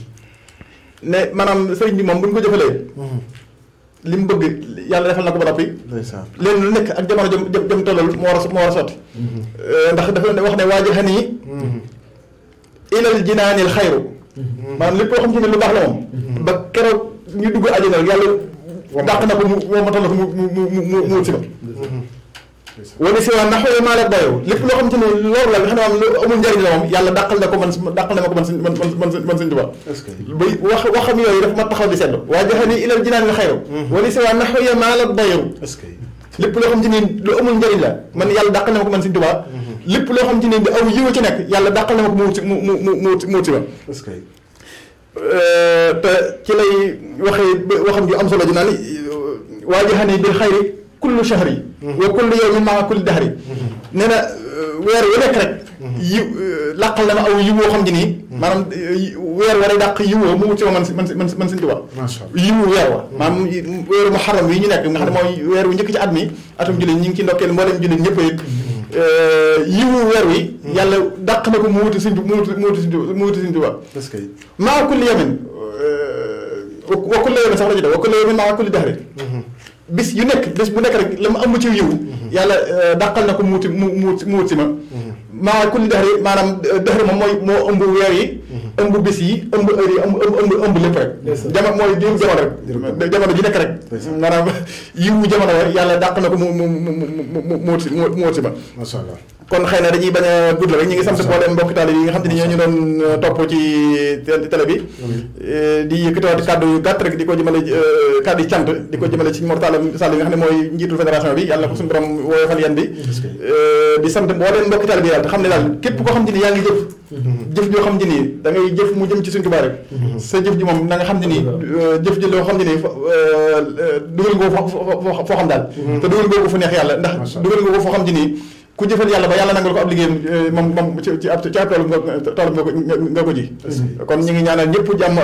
ne maanaam sëriñ bi moom bu ñu ko jëfalee hmm. li mu bëgg yàlla defal na ko ba noppi leen lu nekk ak jamono jëm jëm tollal moo war a moo war a sotti euh, ndax dafa wax ne waajal xen yi ilal jinaanil xayru maanaam lépp loo xam ci ne lu baax la moom ba keroog ñu dugg àjjana yàlla dàq na ko mu moom matal na ko mu mu mu mu si ko wala si waa ndax wala maa la dayoo lépp loo xam ci ne loolu la nga xam ne am lu amul njëriñ la moom yàlla dàqal na ko man dàqal na ma ko man suñ man man man suñ tubaab bay wax waxam yooyu dafa ma taxaw di seetlu waa joxe ni ilal jinaan la xayru wala si waa ndax wala maa la dayoo lépp loo xam ci ne lu amul njëriñ la man yàlla dàqal na ma ko man suñ tubaab lépp loo xam ci ne bi aw yiw ci nekk yàlla dàqal na ma ko mu wuti mu mu mu mu wuti ba euh, te ci lay waxee waxam ju am solo ji naan waa jihani bil xayri kullu shahri wa kullu yawmin maa kulli dahri mhm. nee na euh, weer wu nekk rek mhm. yi euh, làqal na ma aw yiwoo xam ji nii mhm. maanaam weer wa day dàq yiwoo mu wut si ma man si man si man man si tubaab yiwu weer wa maanaam weeru muharram yi ñu nekk nga xam ne mooy weer wu njëkk ci at mi atum jullit ñi ngi ci ndokkeel mbooleem jullit ñëpp Euh, yiwu weer wi hmm. yàlla dàq na ko mu wuti sëñ bi mu wuti mu wuti sëñ bi mu wuti sëñ bi waaw maa kulli yamin euh, wa kulli yamin sax la ñu def wa kulli yamin maa kulli dahri hmm. bis yu nekk bis bu nekk rek la mu am ci yiw hmm. yàlla euh, dàqal na ko mu wuti mu mu mu wuti ma maa kulli dahri maanaam dahri moom mooy moo ëmb weer yi ëmb bés yi ëmb heure yi ëmb ëmb ëmb lépp rek. jamono mooy diiru jamono rek. jamono ji nekk rek. maanaam yiwu jamono rek yàlla dàq na ko mu mu mu mu mu si mu mu si ba. macha allah kon xëy na dañuy bañ a gudd rek ñu ngi sant mboolem mbokki taal yi nga xam te ni ñoo ñu doon euh, topp ci télé bi. Euh, di yëkkatiwaat kàddu yu gàtt rek di ko jëmale euh, kàddu yi cant di ko jëmale ci Mor Talla Sall yi nga xam ne mooy njiitul fédération bi yàlla ko suñu borom woyofal yan bi. di sant mboolem mbokki taal bi yàlla te xam ne daal képp koo xam te ni yaa ngi jëf jëf joo xam ne nii da ngay jëf mu jëm ci Sëñ Tuubaa rek sa jëf ji moom na nga xam ne nii mm-hmm. euh, jëf ji loo xam ne nii euh, dugal nga ko foo xam daal mm-hmm. te dugal nga ko fu neex yàlla ndax dugal nga ko foo xam ne nii ku jëfal yàlla ba yàlla nangal ko ab liggéeyam eh, moom moom ci ci ab toolu nga ko ji kon ñu ngi ñaanal ñëpp jàmm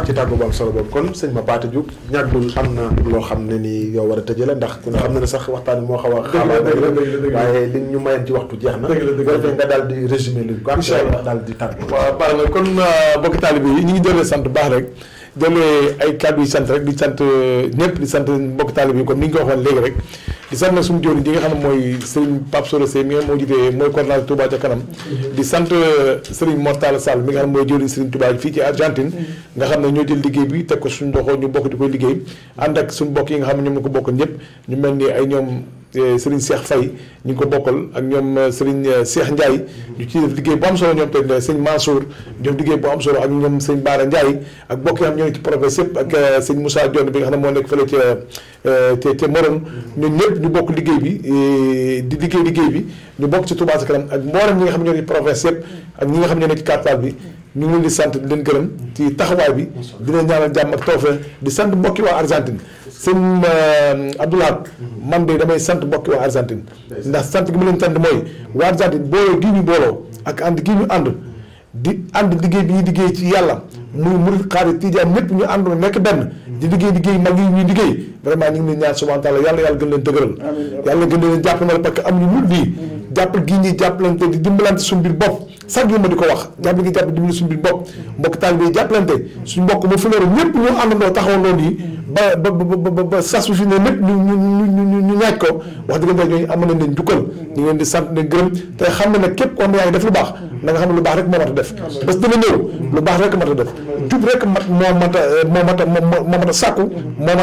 ak solo boobu kon sëñ ma Paate Diouf ñàggul am na loo xam ne ni yow war a tëjee la ndax ku ne xam ne ne sax waxtaan moo xaw a xaabaa waaye li ñu mayoon ci waxtu jeex na defee nga daal di résumé li ko am daal di tàggu waaw baax na kon euh, bokki taalibe yi ñu ngi dellee sant baax rek demee ay kàddu yu sant rek di sant euh, ñëpp di sant mbokk taalib yi kon ni nga ko waxoon léegi rek di sant nag suñu jëwriñ di nga xam ne mooy Serigne Pape Soro Seye mi nga moo jiite mooy coordonnateur Touba ca mm-hmm. di sant euh, Serigne Mortala Sall mi nga xam ne mooy jëwriñ Serigne fii ci Argentine mm-hmm. nga xam ne ñoo jël liggéey bi teg ko suñ loxo ñu bokk di koy liggéey ànd ak suñu mbokk yi nga xam ne ñoom na ko bokk ñëpp ñu mel ni ay ñoom Eh, Serigne Cheikh Faye ñu ngi ko bokkal ak ñoom eh, Serigne eh, Cheikh Ndiaye mm-hmm. ñu ci def liggéey bu am solo ñoom tamit sëñ Mansour ñoom liggéey bu am solo ak ñoom sëñ Baara Ndiaye ak bokk yi am ñoo ngi ci province yëpp ak sëñ Moussa Dione bi nga xam ne moo nekk fële ca mm-hmm. ñëpp ñu bokk liggéey bi di liggéey liggéey bi ñu bokk ci Touba ca kanam ak mboolem ñi nga xam ne ñoo ngi ci yëpp ak ñi nga xam ne ñoo ngi ci quartier bi ñu ngi leen sant di leen gërëm ci taxawaay bi dina ñaanal jàmm ak tawfeex di sant mbokki waa Argentine sëñ euh, Abdoulaye mm-hmm. man de damay sant mbokki waa Argentine ndax sant gi ma leen mooy waa Argentine booloo gi ñu booloo mm-hmm. ak ànd gi ñu ànd mm-hmm. di ànd liggéey bi ñuy liggéey ci yàlla muy murid xaarit tijaan ñëpp ñu àndoon nekk benn di liggéey liggéey mag ñuy liggéey vraiment ñu ngi leen ñaan subhana taala yàlla yàlla gën leen dëgëral yàlla gën leen jàppandal parce que am ñu mut gii ñuy jàppalante di dimbalante suñu biir bopp sax gi ma di ko wax jàppal gi jàpp dimbali suñu biir bopp mbokk taal bi jàppalante suñu mbokk mu fi loolu ñëpp ñu àndandoo taxawandoo yi ba ba ba ba sas bi fi ne lépp ñu ñu ñu ñu ñaaj ko wax dëgg yàlla ñooñu te xam ne nag képp koo xam ne baax na nga xam ne lu baax rek moo mat a def bés dina ñëw lu baax rek mat a def jub rek mat moo a moo mat a moo mat a sàkku moo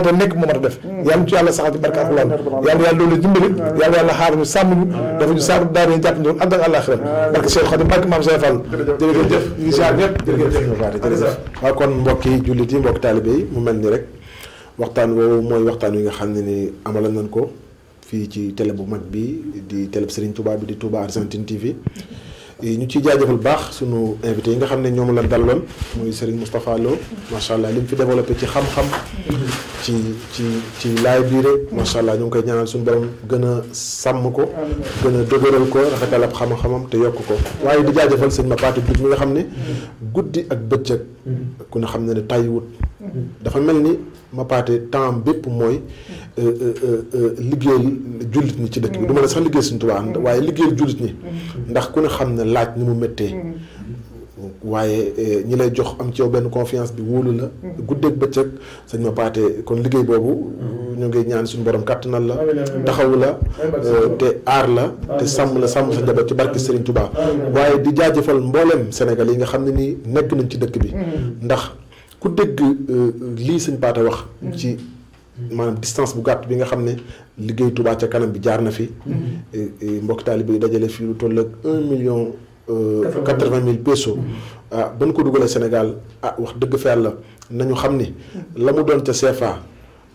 mat kon mbokki jullit yi mbokki taalibe yi mu mel ni rek waxtaan woowu mooy waxtaan wi nga xam ne ni amala nañ ko fii ci télé bu mag bi di télé Serigne tubaab bi di Touba Argentine TV ñu ciy jaajëfal baax suñu invité yi nga xam ne ñoom la dalloon muy Serigne Moustapha Lo macha allah lim fi développé ci xam-xam. ci ci ci laay biire macha allah ñu ngi koy ñaanal suñu borom gën a sàmm ko. gën a dëgëral ko rafetal ab xam-xamam te yokk ko. waaye di jaajëfal sëñ Mapaté Diouf mi nga xam ne. guddi ak bëccëg. xam ne ne tàyyiwut dafa mel ni ma paate temps bépp mooy euh, euh, euh, liggéeyal jullit ñi ci dëkk bi mm. du ma ne sax liggéey suñu tubaab mm. waaye liggéeyal jullit ñi mm. ndax ku ne xam ne laaj ni mu méttee waaye ñi lay jox am ci yow benn confiance bi wóolu la guddeeg bëccëg sañ ma paate kon liggéey boobu ñu ngi ñaan suñu borom kàttanal la taxawu la te aar la te sàmm la sàmm sa njaboot ci barke Serigne Touba waaye di jaajëfal mbooleem Sénégal yi nga xam ne nii nekk nañ ci dëkk bi ndax ku dégg euh, lii sëñ Paate wax mm-hmm. ci maanaam distance bu gàtt bi nga xam ne liggéey Touba ca kanam bi jaar na fi mm-hmm. mbokki taalibe yi dajale fii lu toll ak un million euh, quatre-vingt mille pesos mm-hmm. ah ba ñu ko dugalee Sénégal ah wax dëgg fa la nañu xam ni la mu doon ca CFA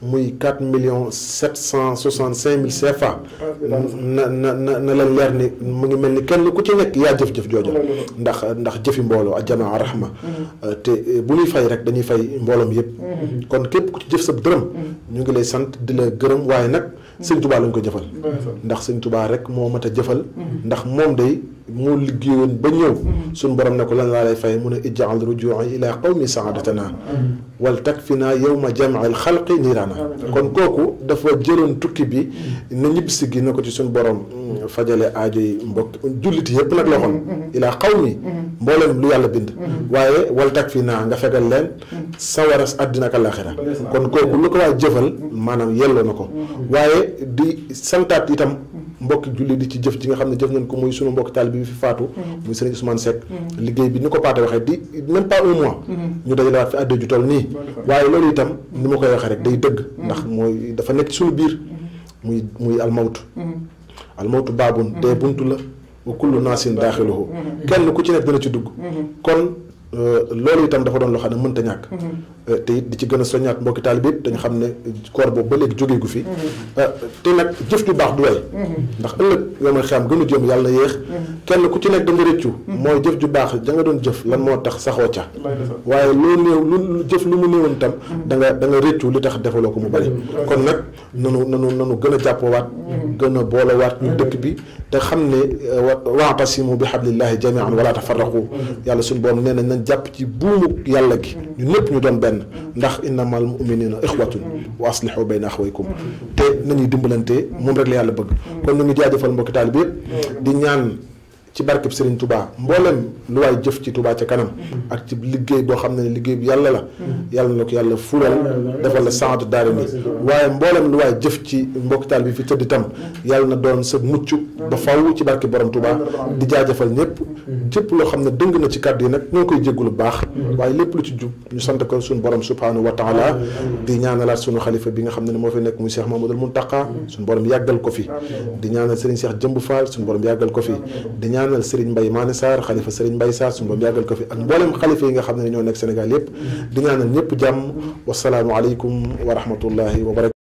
muy 4 millions 765 mille CFA. Ah, na na na na leen leer ni mu ngi mel ni kenn ku ci nekk yaa jëf-jëf jooja. ndax ndax jëfi mbooloo ak jamaa rahma. Mm-hmm. Euh, te euh, bu ñuy fay rek dañuy fay mbooloom yëpp. Mm-hmm. kon képp ku ci jëf sa dërëm. Mm-hmm. ñu ngi lay sant di la gërëm waaye nag. sëñ tubaa lañ ko jëfal ndax sëñ tubaa rek moo mat a jëfal ndax moom day moo liggéeyoon ba ñëw suñ borom ne ko lan laa lay fay mun a ijaal rujuu'i ila qawmi saadatana wal takfina yawma jam'il xalqi niirana kon kooku dafa jëloon tukki bi na ñibbisi gi na ko ci suñ borom fajale aajo yi mbokk jullit yëpp nag la waxoon ilaa xaw mi mboolem lu yàlla bind waaye waltak fii naa nga fegal leen sawaras àddina ak àllaaxira kon kooku lu ko waay jëfal maanaam yelloo na ko waaye di santaat itam mbokki julli di ci jëf ji nga xam ne jëf ngeen ko muy sunu mbokki taal bi fi faatu muy sëriñ Ousmane Seck liggéey bi ni ko paate waxee di même pas un mois ñu dajalewaat fi àddee ju toll nii waaye loolu itam ni ma koy waxee rek day dëgg ndax mooy dafa almawtu baabun dee buntu la wa kullu naasin daaxiluhu mm-hmm. kenn ku ci nekk dina ci dugg mm-hmm. kon Euh, loolu itam dafa doon loo xam ne mënta ñàkk. Mm-hmm. Euh, te it di ci gën a soññaat mbokki taalibe bi dañu xam ne koor boobu ba léegi jógee gu fi. Mm-hmm. Euh, te nag jëf ju baax du way. Mm-hmm. ndax ëllëg yoo may xam gënu jëm yàlla na yéex. kenn ku ci nekk da nga rëccu. mooy jëf ju baax ja nga doon jëf lan moo tax saxoo ca. waaye loo néew lu jëf lu mu néewoon itam. da da nga rëccu li tax defaloo ko mu bari. kon nag nanu nanu nanu gën a jàppawaat. gën a boolewaat ñu dëkk bi te xam ne wa wa'tasimu bi hablillahi jami'an wala tafarraqu yàlla suñu borom nee nañ jàpp ci buumu yàlla gi ñu ñëpp ñu doon benn ndax innamal muminina ixwatun wa aslihu bayna axwaykum te nañuy dimbalante moom rek la yàlla bëgg kon ñu ngi jaajëfal mbokki taalibe yëpp di ñaan ci barkeb Serigne Touba mboolem lu waay jëf ci tubaa ca kanam ak ci liggéey boo xam ne liggéey bi yàlla la yàlla na ko yàlla fulal defal la sant daara ni waaye mboolem lu waay jëf ci mbokkitaal bi fi tëdd itam yàlla na doon sa mucc ba faw ci barke borom tubaa di jaajëfal ñëpp jëpp loo xam ne dëng na ci kàddu yi nag ñoo koy jéggulu baax waaye lépp lu ci jub ñu sant ko suñu borom subhanahu wa taala di ñaanalaat suñu xalifa bi nga xam ne ne moo fi nekk muy Cheikh Mamadou Mountakha suñu borom yàggal ko fi di ñaanal Serigne Cheikh Jëmb Fall suñu borom yàggal ko fi ñaanal Serigne Mbaye Mané Sarr xalifa Serigne Mbaye Sarr suñu borom yàggal ko fi ak mboolem xalifa yi nga xam ne ñoo nekk Sénégal yépp di ñaanal ñëpp jàmm wasalaamualeykum wa rahmatullahi wa barakatu